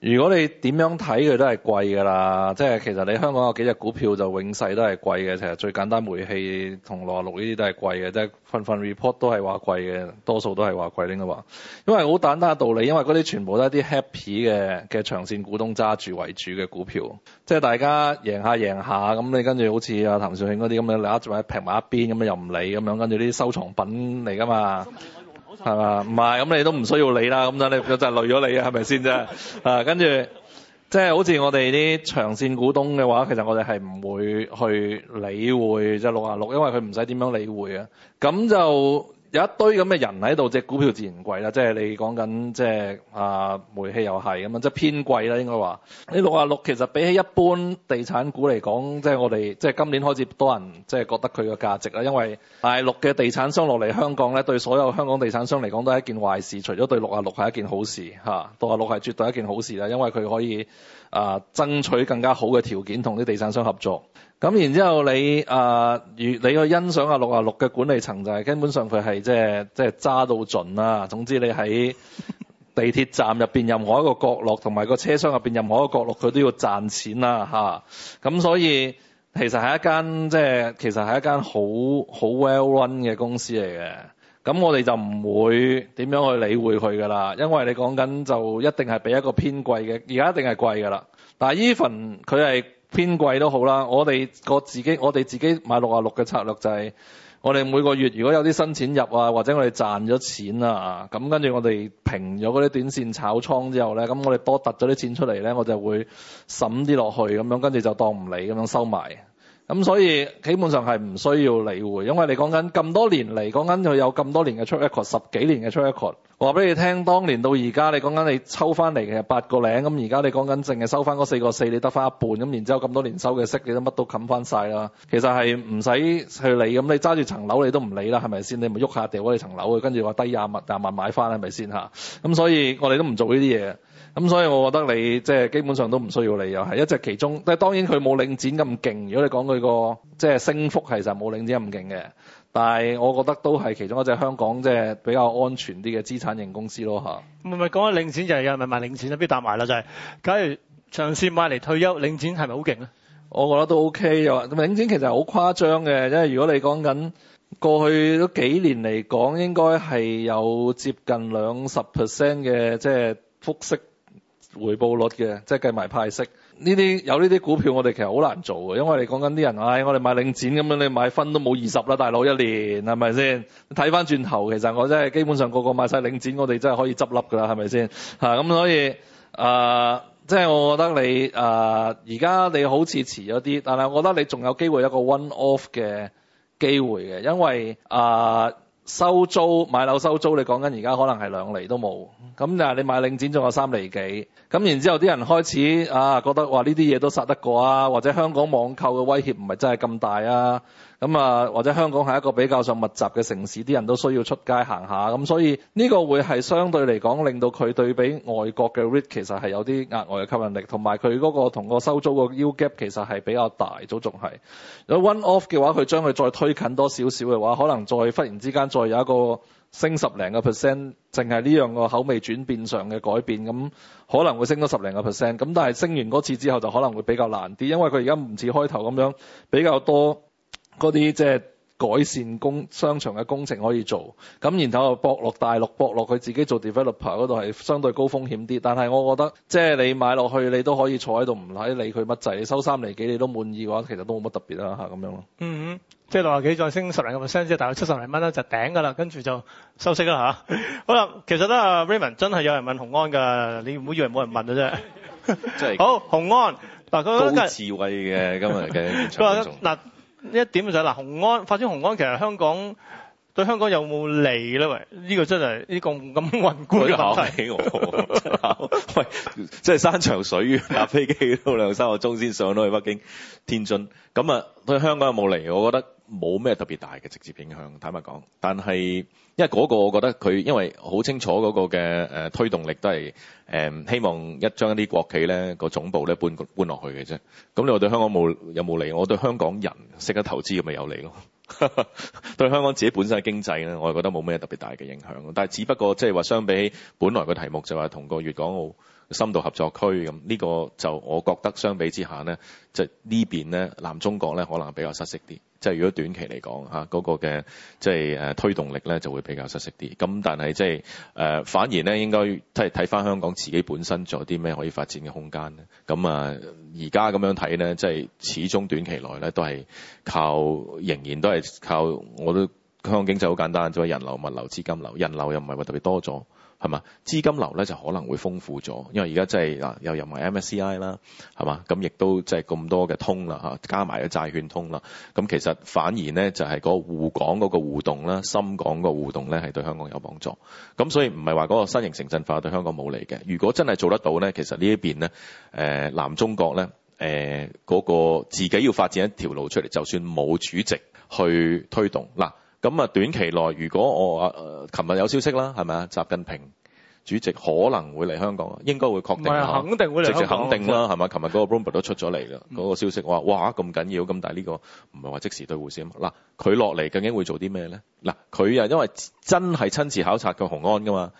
如果你點樣睇佢都係貴㗎啦，即係其實你香港有幾隻股票就永世都係貴嘅，其實最簡單煤氣同羅六呢啲都係貴嘅，即係份份 report 都係話貴嘅，多數都係話貴應該話，因為好簡單嘅道理，因為嗰啲全部都係啲 happy 嘅嘅長線股東揸住為主嘅股票，即係大家贏下贏下，咁你跟住好似啊譚紹興嗰啲咁樣，立一仲係平埋一邊咁樣又唔理咁樣，跟住啲收藏品嚟㗎嘛。係嘛？唔係咁你都唔需要理啦，咁樣你佢就累咗你啊，係咪先啫？ 啊，跟住即係好似我哋啲長線股東嘅話，其實我哋係唔會去理會即係六廿六，就是、66, 因為佢唔使點樣理會啊。咁就。有一堆咁嘅人喺度，隻股票自然貴啦。即係你講緊，即係啊、呃，煤氣又係咁，即係偏貴啦，應該話。呢六啊六其實比起一般地產股嚟講，即係我哋即係今年開始多人即係覺得佢嘅價值啦。因為大陸嘅地產商落嚟香港咧，對所有香港地產商嚟講都係一件壞事。除咗對六啊六係一件好事嚇，六啊六係絕對一件好事啦，因為佢可以啊、呃、爭取更加好嘅條件同啲地產商合作。咁然之後你啊，如、呃、你去欣賞下六啊六嘅管理層、就係基本上就係，就係根本上佢係即係即係揸到盡啦、啊。總之你喺地鐵站入邊，任何一個角落，同埋個車廂入邊，任何一個角落，佢都要賺錢啦、啊、咁、啊、所以其實係一間即係、就係、其實係一間好好 well run 嘅公司嚟嘅。咁我哋就唔會點樣去理會佢噶啦，因為你講緊就一定係畀一個偏貴嘅，而家一定係貴噶啦。但係 even 佢係。偏貴都好啦，我哋個自己，我哋自己買六啊六嘅策略就係、是，我哋每個月如果有啲新錢入啊，或者我哋賺咗錢啊，咁跟住我哋平咗嗰啲短線炒倉之後咧，咁我哋多揼咗啲錢出嚟咧，我就會審啲落去，咁樣跟住就當唔理，咁樣收埋。咁、嗯、所以基本上係唔需要理會，因為你講緊咁多年嚟，講緊佢有咁多年嘅 track record，十幾年嘅 track record。我話俾你聽，當年到而家，你講緊你抽翻嚟其實八個零，咁而家你講緊淨係收翻嗰四個四，你得翻一半，咁、嗯、然之後咁多年收嘅息，你都乜都冚翻曬啦。其實係唔使去理，咁、嗯、你揸住層樓你都唔理啦，係咪先？你咪喐下丟掉嗰啲層樓，跟住話低廿萬、廿萬買翻，係咪先吓，咁所以我哋都唔做呢啲嘢。咁、嗯、所以，我覺得你即係基本上都唔需要理由係一隻其中，即係當然佢冇領展咁勁。如果你講佢個即係升幅係，其實冇領展咁勁嘅。但係我覺得都係其中一隻香港即係比較安全啲嘅資產型公司咯吓，唔係講緊領展就係有人賣領展必答就必搭埋啦就係。假如長線買嚟退休，領展係咪好勁啊？我覺得都 OK 又話，領展其實好誇張嘅，因為如果你講緊過去都幾年嚟講，應該係有接近兩十 percent 嘅即係複息。回報率嘅，即係計埋派息。呢啲有呢啲股票，我哋其實好難做嘅，因為我哋講緊啲人，唉、哎，我哋買領展咁樣，你買分都冇二十啦，大佬一年，係咪先？睇翻轉頭，其實我真係基本上個個買曬領展，我哋真係可以執笠噶啦，係咪先？咁所以，誒、呃，即、就、係、是、我覺得你誒而家你好似遲咗啲，但係我覺得你仲有機會有一個 one off 嘅機會嘅，因為誒。呃收租買樓收租，你講緊而家可能係兩厘都冇，咁但係你買領展仲有三厘幾，咁然之後啲人開始啊覺得哇呢啲嘢都殺得過啊，或者香港網購嘅威脅唔係真係咁大啊。咁啊，或者香港係一個比較上密集嘅城市，啲人都需要出街行下，咁所以呢個會係相對嚟講令到佢對比外國嘅 rate 其實係有啲額外嘅吸引力，同埋佢嗰個同個收租個 yield gap 其實係比較大都仲係。有 one off 嘅話，佢將佢再推近多少少嘅話，可能再忽然之間再有一個升十零個 percent，淨係呢樣個口味轉變上嘅改變，咁可能會升多十零個 percent。咁但係升完嗰次之後就可能會比較難啲，因為佢而家唔似開頭咁樣比較多。嗰啲即係改善工商場嘅工程可以做，咁然後搏落大陸，搏落佢自己做 developer 嗰度係相對高風險啲。但係我覺得即係、就是、你買落去，你都可以坐喺度唔使理佢乜滯，你收三厘幾你都滿意嘅話，其實都冇乜特別啦嚇咁樣咯。嗯哼、嗯，即係六廿幾再升十零個 percent，即係大概七十零蚊啦，就頂㗎啦，跟住就收息啦嚇。好啦，其實咧阿 Raymond 真係有人問紅安㗎，你唔好以為冇人問㗎啫。真係。好， 紅安大家都高智慧嘅 今日嘅現場觀眾 呢一點就嗱、係，雄安發展雄安，雄安其實香港對香港有冇利咧？喂，呢、這個真係呢、這個咁混亂啦！真係，喂，即係山長水遠，搭飛機都兩三個鐘先上到去北京、天津，咁啊對香港有冇利？我覺得，冇咩特別大嘅直接影響，坦白講。但係因為嗰個，我覺得佢因為好清楚嗰個嘅、呃、推動力都係、呃、希望一將一啲國企咧個總部咧搬搬落去嘅啫。咁你話對香港冇有冇利？我對香港人識得投資咁咪有利咯。對香港自己本身嘅經濟咧，我係覺得冇咩特別大嘅影響。但係只不過即係話相比起本來個題目就話同個粵港澳。深度合作區咁呢個就我覺得相比之下咧，即係呢邊咧南中國咧可能比較失色啲，即係如果短期嚟講嚇嗰個嘅即係誒推動力咧就會比較失色啲。咁但係即係反而咧應該即係睇翻香港自己本身仲有啲咩可以發展嘅空間咧。咁啊而家咁樣睇咧，即係始終短期內咧都係靠仍然都係靠我都香港經濟好簡單，就係人流、物流、資金流，人流又唔係話特別多咗。係嘛？資金流咧就可能會豐富咗，因為而家真係嗱，又入埋 MSCI 啦，係嘛？咁亦都即係咁多嘅通啦嚇，加埋嘅債券通啦，咁其實反而咧就係、是、嗰滬港嗰個互動啦，深港個互動咧係對香港有幫助。咁所以唔係話嗰個新型城鎮化對香港冇利嘅。如果真係做得到咧，其實呢一邊咧，誒、呃、南中國咧，誒、呃、嗰、那個自己要發展一條路出嚟，就算冇主席去推動嗱，啦。咁啊，短期內如果我啊，呃、琴日有消息啦，係咪啊？習近平主席可能會嚟香港，應該會確定，唔係，肯定會嚟香港。直接肯定啦，係咪？琴日嗰個 Bloomberg 都出咗嚟啦，嗰、嗯嗰個消息話：哇，咁緊要！咁但係呢個唔係話即時對會先。嗱、啊，佢落嚟究竟會做啲咩咧？嗱、啊，佢啊，因為真係親自考察個洪安㗎嘛、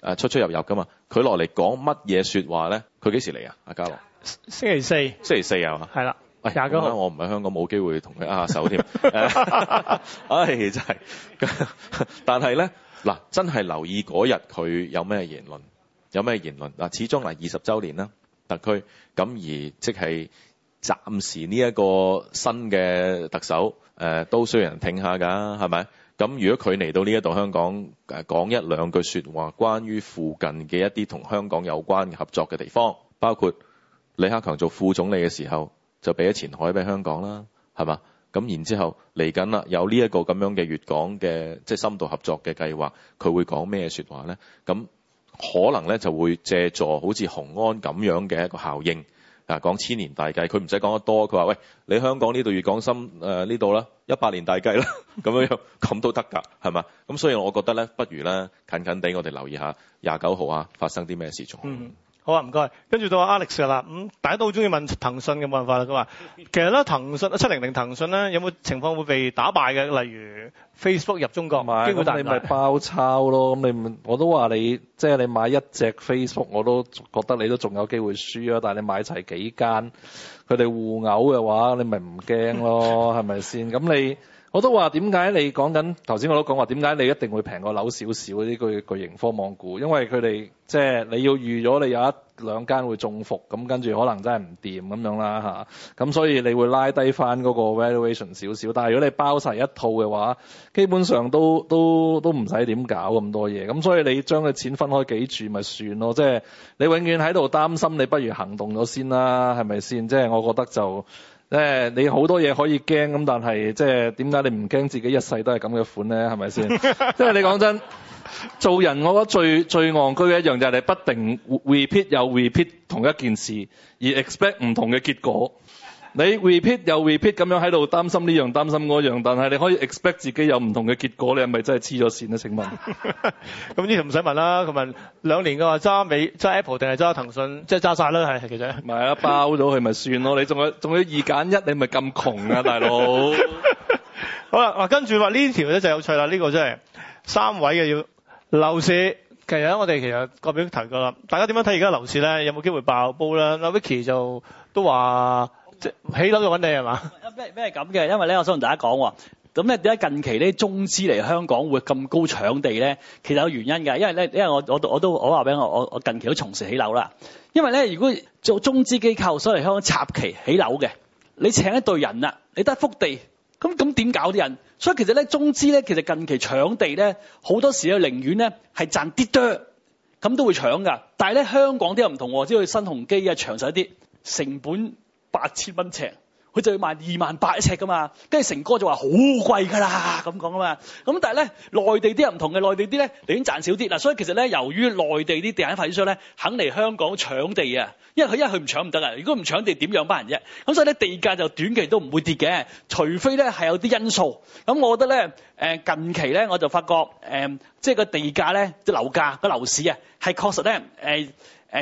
啊，出出入入㗎嘛。佢落嚟講乜嘢説話咧？佢幾時嚟啊？阿嘉樂，星期四。星期四啊？係啦。哎、我唔喺香港，冇機會同佢握手添。唉、 哎就是，真係。但係咧嗱，真係留意嗰日佢有咩言論，有咩言論嗱。始終嗱，二十週年啦，特區咁而即係暫時呢一個新嘅特首，誒都需要人聽下㗎，係咪？咁如果佢嚟到呢一度香港，誒講一兩句説話，關於附近嘅一啲同香港有關的合作嘅地方，包括李克強做副總理嘅時候。就俾咗前海俾香港啦，係嘛？咁然之後嚟緊啦，有呢一個咁樣嘅粵港嘅即係深度合作嘅計劃，佢會講咩說話咧？咁可能咧就會借助好似雄安咁樣嘅一個效應啊，講千年大計，佢唔使講得多，佢話喂你香港呢度粵港深誒呢度啦，一百年大計啦，咁樣咁都得㗎，係嘛？咁所以我覺得咧，不如咧近近地我哋留意下廿九號啊發生啲咩事情。嗯好啊，唔該。跟住到阿 Alex 啦，咁、嗯、大家都好中意問騰訊嘅冇辦法啦。佢話其實咧騰訊七零零騰訊咧有冇情況會被打敗嘅？例如 Facebook 入中國，幾乎大敗。你咪包抄咯。咁你我都話你，即係你買一隻 Facebook，我都覺得你都仲有機會輸啊。但係你買齊幾間，佢哋互毆嘅話，你咪唔驚咯，係咪先？咁你。我都話點解你講緊，頭先我都講話點解你一定會平過樓少少呢個巨型科網股，因為佢哋，即係你要預咗你有一兩間會中伏，咁跟住可能真係唔掂咁樣啦吓，咁所以你會拉低翻嗰個 valuation 少少。但係如果你包曬一套嘅話，基本上都都都唔使點搞咁多嘢。咁所以你將佢錢分開幾處咪算咯，即係你永遠喺度擔心，你不如行動咗先啦，係咪先？即係我覺得就。誒，你好多嘢可以驚，咁，但係即係點解你唔驚自己一世都係咁嘅款咧？係咪先？即係你講真，做人我覺得最最戇居嘅一樣就係你不停 repeat 又 repeat 同一件事，而 expect 唔同嘅結果。你 repeat 又 repeat 咁樣喺度擔心呢樣擔心嗰樣，但係你可以 expect 自己有唔同嘅結果，你係咪真係黐咗線咧？請問咁呢條唔 使問啦。咁問兩年嘅話揸美揸 Apple 定係揸騰訊，即係揸晒啦，係其實。唔係啊，包咗佢咪算咯。你仲有仲要二揀一，你咪咁窮啊，大 佬 。好、啊、啦，嗱跟住話呢條咧就有趣啦。呢、呢個真係三位嘅要樓市，其實我哋其實個表提過啦。大家點樣睇而家樓市咧？有冇機會爆煲啦？嗱，Vicky 就都話。起樓就揾你係嘛？咩咩係咁嘅？因為咧，我想同大家講喎。咁咧點解近期咧中資嚟香港會咁高搶地咧？其實有原因㗎。因為咧，因為我我我都我話俾你聽，我我我近期都從事起樓啦。因為咧，如果做中資機構，所以嚟香港插旗起樓嘅，你請一對人啦，你得福地，咁咁點搞啲人？所以其實咧，中資咧其實近期搶地咧，好多時咧寧願咧係賺啲哆，咁都會搶㗎。但係咧，香港啲又唔同，即係新鴻基啊，長實啲成本。八千蚊尺，佢就要賣二萬八一尺噶嘛，跟住成哥就話好貴噶啦，咁講啊嘛。咁但係咧，內地啲又唔同嘅，內地啲咧，你賺少啲嗱。所以其實咧，由於內地啲地產發展商咧，肯嚟香港搶地啊，因為佢一佢唔搶唔得啊。如果唔搶地，點養班人啫？咁所以咧，地價就短期都唔會跌嘅，除非咧係有啲因素。咁我覺得咧，誒、呃、近期咧，我就發覺，誒、呃、即係個地價咧、即、樓價、個樓市啊，係確實咧，誒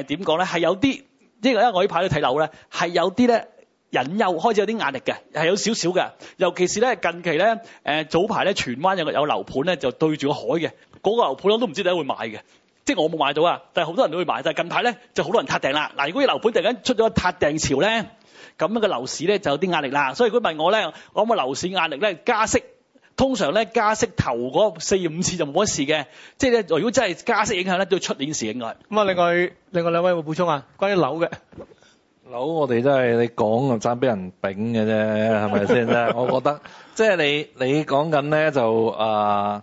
誒點講咧，係、呃、有啲。即係因為我依排去睇樓咧，係有啲咧引誘開始有啲壓力嘅，係有少少嘅。尤其是咧近期咧，誒早排咧荃灣有個有樓盤咧就對住個海嘅，嗰、那個樓盤我都唔知點解會買嘅，即係我冇買到啊，但係好多人都會買。但係近排咧就好多人撻訂啦。嗱、啊，如果啲樓盤突然間出咗撻訂潮咧，咁樣嘅樓市咧就有啲壓力啦。所以佢問我咧，我有冇樓市壓力咧加息？通常咧加息頭嗰四五次就冇乜事嘅，即係咧如果真係加息影響咧，都要出年時影嘅。咁啊，另外、嗯、另外兩位有冇補充啊？關於樓嘅樓我真，我哋都係你講爭俾人頂嘅啫，係咪先？我覺得即係你你講緊咧就啊。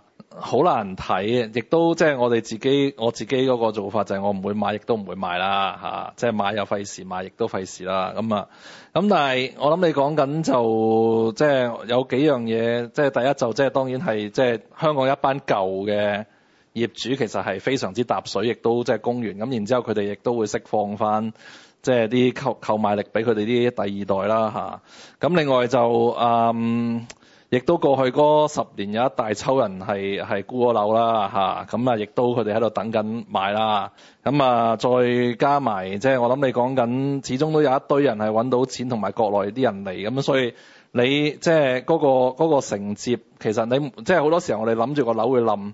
呃好難睇，亦都即係我哋自己我自己嗰個做法就係我唔會買，亦都唔會賣啦嚇，即係買又費事，買亦都費事啦。咁啊，咁但係我諗你講緊就即係、就係、有幾樣嘢，即、就、係、係、第一就即、係、係當然係即係香港一班舊嘅業主其實係非常之搭水，亦都即係公園。咁然之後佢哋亦都會釋放翻即係啲購購買力俾佢哋啲第二代啦咁、嚇、另外就嗯。亦都過去嗰十年有一大抽人係係沽咗樓啦咁啊亦、啊啊、都佢哋喺度等緊買啦，咁啊,啊再加埋即係我諗你講緊，始終都有一堆人係揾到錢同埋國內啲人嚟咁、啊，所以你即係嗰個嗰、嗰個承接，其實你即係好多時候我哋諗住個樓會冧。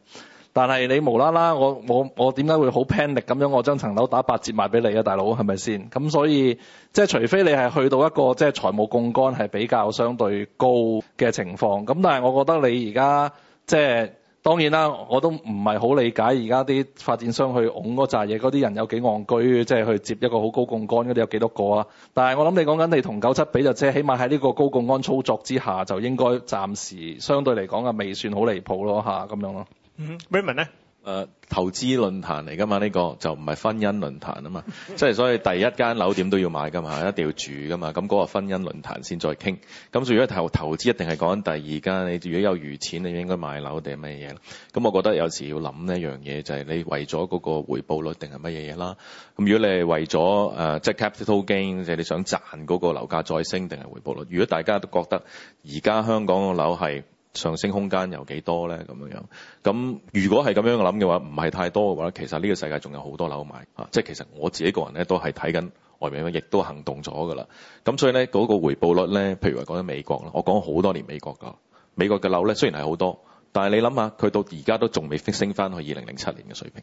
但係你無啦啦，我我我點解會好 panic 咁樣，我將層樓打八折賣俾你啊，大佬係咪先？咁所以即係除非你係去到一個即係財務槓桿係比較相對高嘅情況，咁但係我覺得你而家即係當然啦，我都唔係好理解而家啲發展商去拱嗰扎嘢，嗰啲人有幾戇居，即係去接一個好高槓桿嗰啲有幾多個啊？但係我諗你講緊你同九七比就即係，起碼喺呢個高槓桿操作之下，就應該暫時相對嚟講啊，未算好離譜咯下咁樣咯。Mm -hmm. Raymond 咧，誒、呃、投資論壇嚟㗎嘛，呢、這個就唔係婚姻論壇啊嘛，即 係所以第一間樓點都要買㗎嘛，一定要住㗎嘛，咁、那、嗰個婚姻論壇先再傾。咁所如果投投資一定係講緊第二間，你如果有餘錢，你應該買樓定咩嘢？咁我覺得有時要諗一樣嘢，就係、是、你為咗嗰個回報率定係乜嘢嘢啦。咁如果你係為咗誒即係 capital gain，即係你想賺嗰個樓價再升定係回報率？如果大家都覺得而家香港個樓係，上升空間有幾多咧？咁咁如果係咁樣諗嘅話，唔係太多嘅話，其實呢個世界仲有好多樓買、啊、即係其實我自己個人咧都係睇緊外面，亦都行動咗噶啦。咁所以咧嗰、嗰個回報率咧，譬如話講緊美國啦，我講好多年美國噶，美國嘅樓咧雖然係好多，但係你諗下，佢到而家都仲未升翻去二零零七年嘅水平。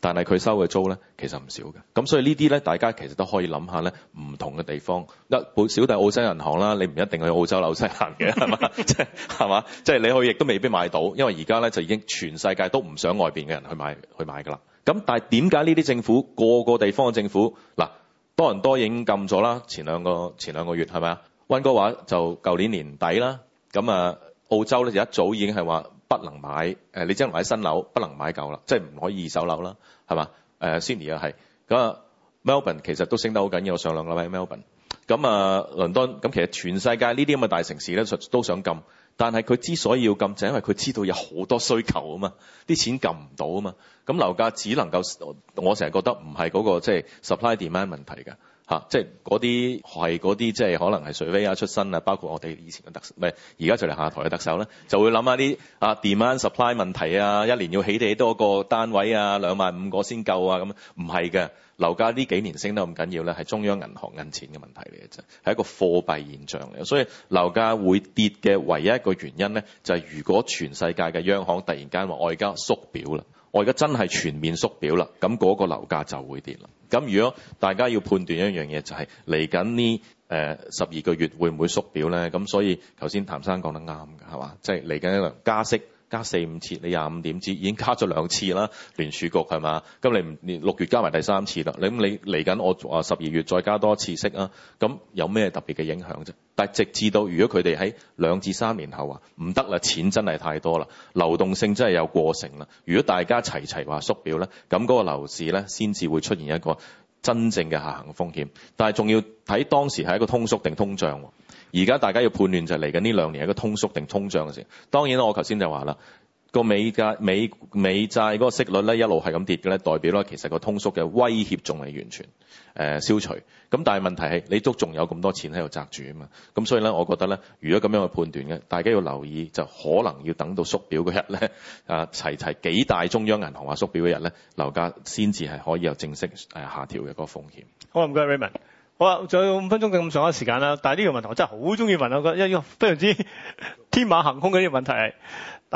但係佢收嘅租咧，其實唔少嘅。咁所以呢啲咧，大家其實都可以諗下咧，唔同嘅地方。一小弟澳洲銀行啦，你唔一定去澳洲紐西蘭嘅，係 嘛？即係嘛？即係你去亦都未必買到，因為而家咧就已經全世界都唔想外邊嘅人去買去買㗎啦。咁但係點解呢啲政府，個個地方嘅政府，嗱，多倫多已經禁咗啦？前兩個前兩個月係咪啊？溫哥華就舊年年底啦，咁啊，澳洲咧就一早已經係話。不能買，你只能買新樓，不能買舊啦，即係唔可以二手樓啦，係嘛？誒，uh,Sydney 又係，咁啊，Melbourne 其實都升得好緊要。我上兩日買 Melbourne，咁啊，倫敦，咁其實全世界呢啲咁嘅大城市咧，都想禁，但係佢之所以要禁，就因為佢知道有好多需求啊嘛，啲錢禁唔到啊嘛，咁樓價只能夠，我我成日覺得唔係嗰個即係 supply demand 問題㗎。嚇、啊，即係嗰啲係嗰啲，即係可能係瑞威啊出身啊，包括我哋以前嘅特唔係而家就嚟下台嘅特首咧，就會諗下啲啊 demand supply 問題啊，一年要起幾多個單位啊，兩萬五個先夠啊，咁唔係嘅，樓價呢幾年升得咁緊要咧，係中央銀行印錢嘅問題嚟嘅啫，係一個貨幣現象嚟嘅。所以樓價會跌嘅唯一一個原因咧，就係如果全世界嘅央行突然間話我而家縮表啦。我而家真係全面縮表啦，咁嗰個樓價就會跌啦。咁如果大家要判斷一樣嘢，就係嚟緊呢誒十二個月會唔會縮表咧？咁所以頭先譚生講得啱嘅，係嘛？即係嚟緊一個加息。加四五次，你廿五點至已經卡咗兩次啦，聯儲局係嘛？咁你唔連六月加埋第三次啦，你咁你嚟緊我十二月再加多一次息啊？咁有咩特別嘅影響啫？但係直至到如果佢哋喺兩至三年後啊，唔得啦，錢真係太多啦，流動性真係有過剩啦。如果大家齊齊話縮表咧，咁嗰個樓市咧先至會出現一個真正嘅下行風險，但係仲要睇當時係一個通縮定通脹。而家大家要判斷就來這兩是嚟緊呢兩年係一個通縮定通脹嘅事。當然啦，我頭先就話啦。個美，美，美債美美債嗰個息率咧一路係咁跌嘅咧，代表咧其實個通縮嘅威脅仲未完全消除。咁但係問題係你都仲有咁多錢喺度擸住啊嘛。咁所以咧，我覺得咧，如果咁樣去判斷嘅，大家要留意就可能要等到縮表嗰日咧啊，齊齊幾大中央銀行話縮表嗰日咧，樓價先至係可以有正式下調嘅嗰個風險。好啊，唔該 Raymond。好啊，仲有五分鐘咁上下時間啦。但係呢個問題我真係好中意問，我覺得一個非常之天馬行空嘅呢個問題係。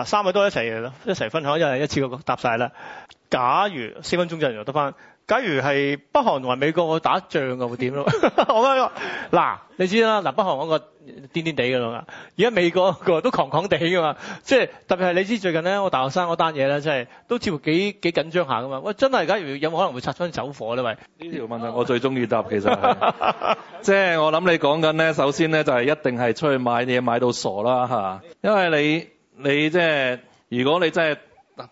三位都一齊咯，一齊分享，一係一次過答晒啦。假如四分鐘就完得返，假如係北韓同埋美國我打仗嘅，我會點咯？嗱 你知啦，嗱，北韓嗰個癲癲地㗎啦，而家美國個都狂狂地㗎嘛，即係特別係你知最近呢，我大學生嗰單嘢呢，真係都似乎幾幾緊張下㗎嘛。我真係假如有，有可能會擦槍走火咧，咪？呢條問題，我最中意答其實係， 即係我諗你講緊呢，首先呢就係一定係出去買嘢買到傻啦吓，因為你。你即係如果你即係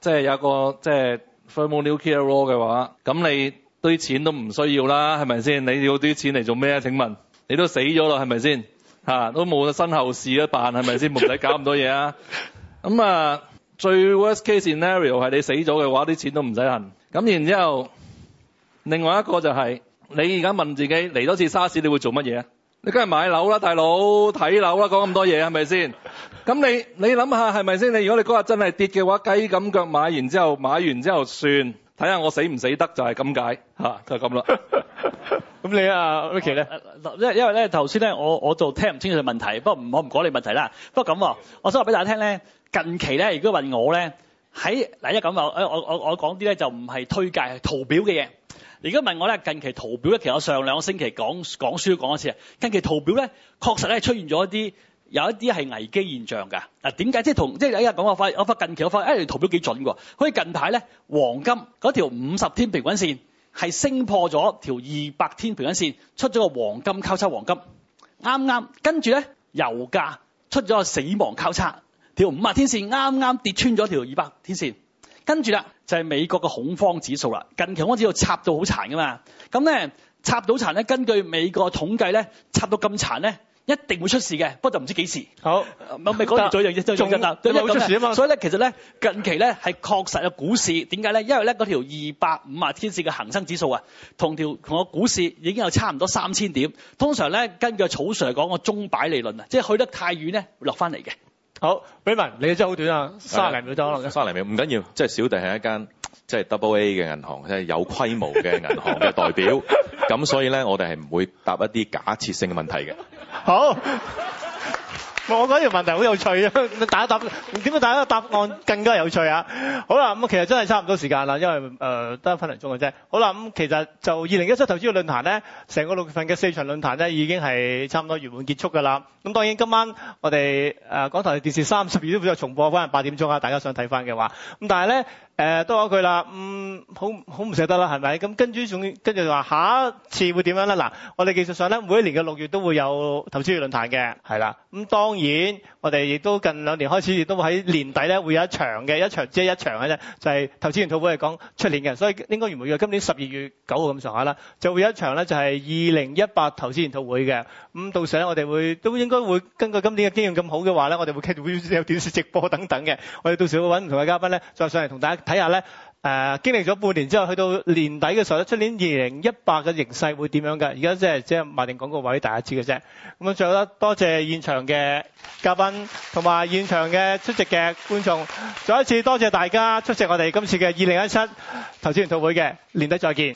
即係有個即係 thermonuclear war 嘅話，咁 你堆錢都唔需要啦，係咪先？你要啲錢嚟做咩啊？請問你都死咗啦，係咪先？都冇身後事一辦，係咪先？唔使搞咁多嘢啊！咁啊，最 worst case scenario 係你死咗嘅話，啲錢都唔使恨咁，然之後，另外一個就係、是、你而家問自己嚟多次沙士，你會做乜嘢啊？你梗係買樓啦，大佬睇樓啦，講咁多嘢係咪先？咁你你諗下係咪先？你如果你嗰日真係跌嘅話，雞咁腳買完之後買完之後算，睇下我死唔死得就係咁解嚇，就係咁啦。咁你啊 Vicky 咧，因因為咧頭先咧我我就聽唔清楚問題，不過唔好唔講你問題啦。不過咁，我想話俾大家聽咧，近期咧如果問我咧喺嗱，一講啊，我我我講啲咧就唔係推介，係圖表嘅嘢。而家問我咧，近期圖表咧，其實我上兩個星期講，講書都講一次啊。近期圖表咧，確實咧出現咗一啲，有一啲係危機現象㗎。嗱，點解？即係同即係，有一日講話我近期我發，哎，圖表幾準喎？好似近排咧，黃金嗰條五十天平均線係升破咗條二百天平均線，出咗個黃金交叉黃金，啱啱。跟住咧，油價出咗個死亡交叉，條五十天線啱啱跌穿咗條二百天線，跟住啦。就係、是、美國嘅恐慌指數啦，近期恐慌指數插到好殘噶嘛，咁咧插到殘咧，根據美國統計咧，插到咁殘咧，一定會出事嘅，不過就唔知幾時。好，咪講完最一樣嘢就係得，因為所以咧，其實咧近期咧係確實嘅股市，點解咧？因為咧嗰條二百五啊天線嘅恆生指數啊，同條同個股市已經有差唔多三千點。通常咧，根據草 Sir 講個鐘擺理論啊，即係去得太遠咧，落翻嚟嘅。好，比文，你真係好短啊，卅零秒十多可能。卅零秒唔緊要，即係小弟係一間，即係 Double A 嘅銀行，即係有規模嘅銀行嘅代表，咁 所以咧，我哋係唔會答一啲假設性嘅問題嘅。好。我講呢個問題好有趣啊！大家答點解大家的答案更加有趣啊！好啦，咁其實真係差唔多時間啦，因為誒得、呃、一分零鐘嘅啫。好啦，咁其實就二零一七投資嘅論壇咧，成個六月份嘅四場論壇咧已經係差唔多完滿結束㗎啦。咁當然今晚我哋誒港台電視三十二都會有重播翻八點鐘啊，大家想睇翻嘅話，咁但係咧。誒、呃，多一句啦，嗯，好好唔捨得啦，係咪？咁跟住仲跟住就話下一次會點樣咧？嗱，我哋技術上咧，每一年嘅六月都會有投資月論壇嘅，係啦，咁、嗯、當然。我哋亦都近兩年開始，亦都喺年底咧會有一場嘅，一場只係、就是、一場嘅就係投資研討會係講出年嘅，所以應該原本喺今年十二月九號咁上下啦，就會有一場就係二零一八投資研討會嘅。咁到時咧，我哋會都應該會根據今年嘅經驗，咁好嘅話我哋會繼續有電視直播等等嘅。我哋到時會揾唔同嘅嘉賓再上嚟同大家睇下誒，經歷咗半年之後，去到年底嘅時候咧，出年二零一八嘅形勢會點樣㗎？而家即係即係賣定廣告位，大家知嘅啫。咁啊，最後咧，多謝現場嘅嘉賓同埋現場嘅出席嘅觀眾，再一次多謝大家出席我哋今次嘅二零一七投資圓桌會嘅，年底再見。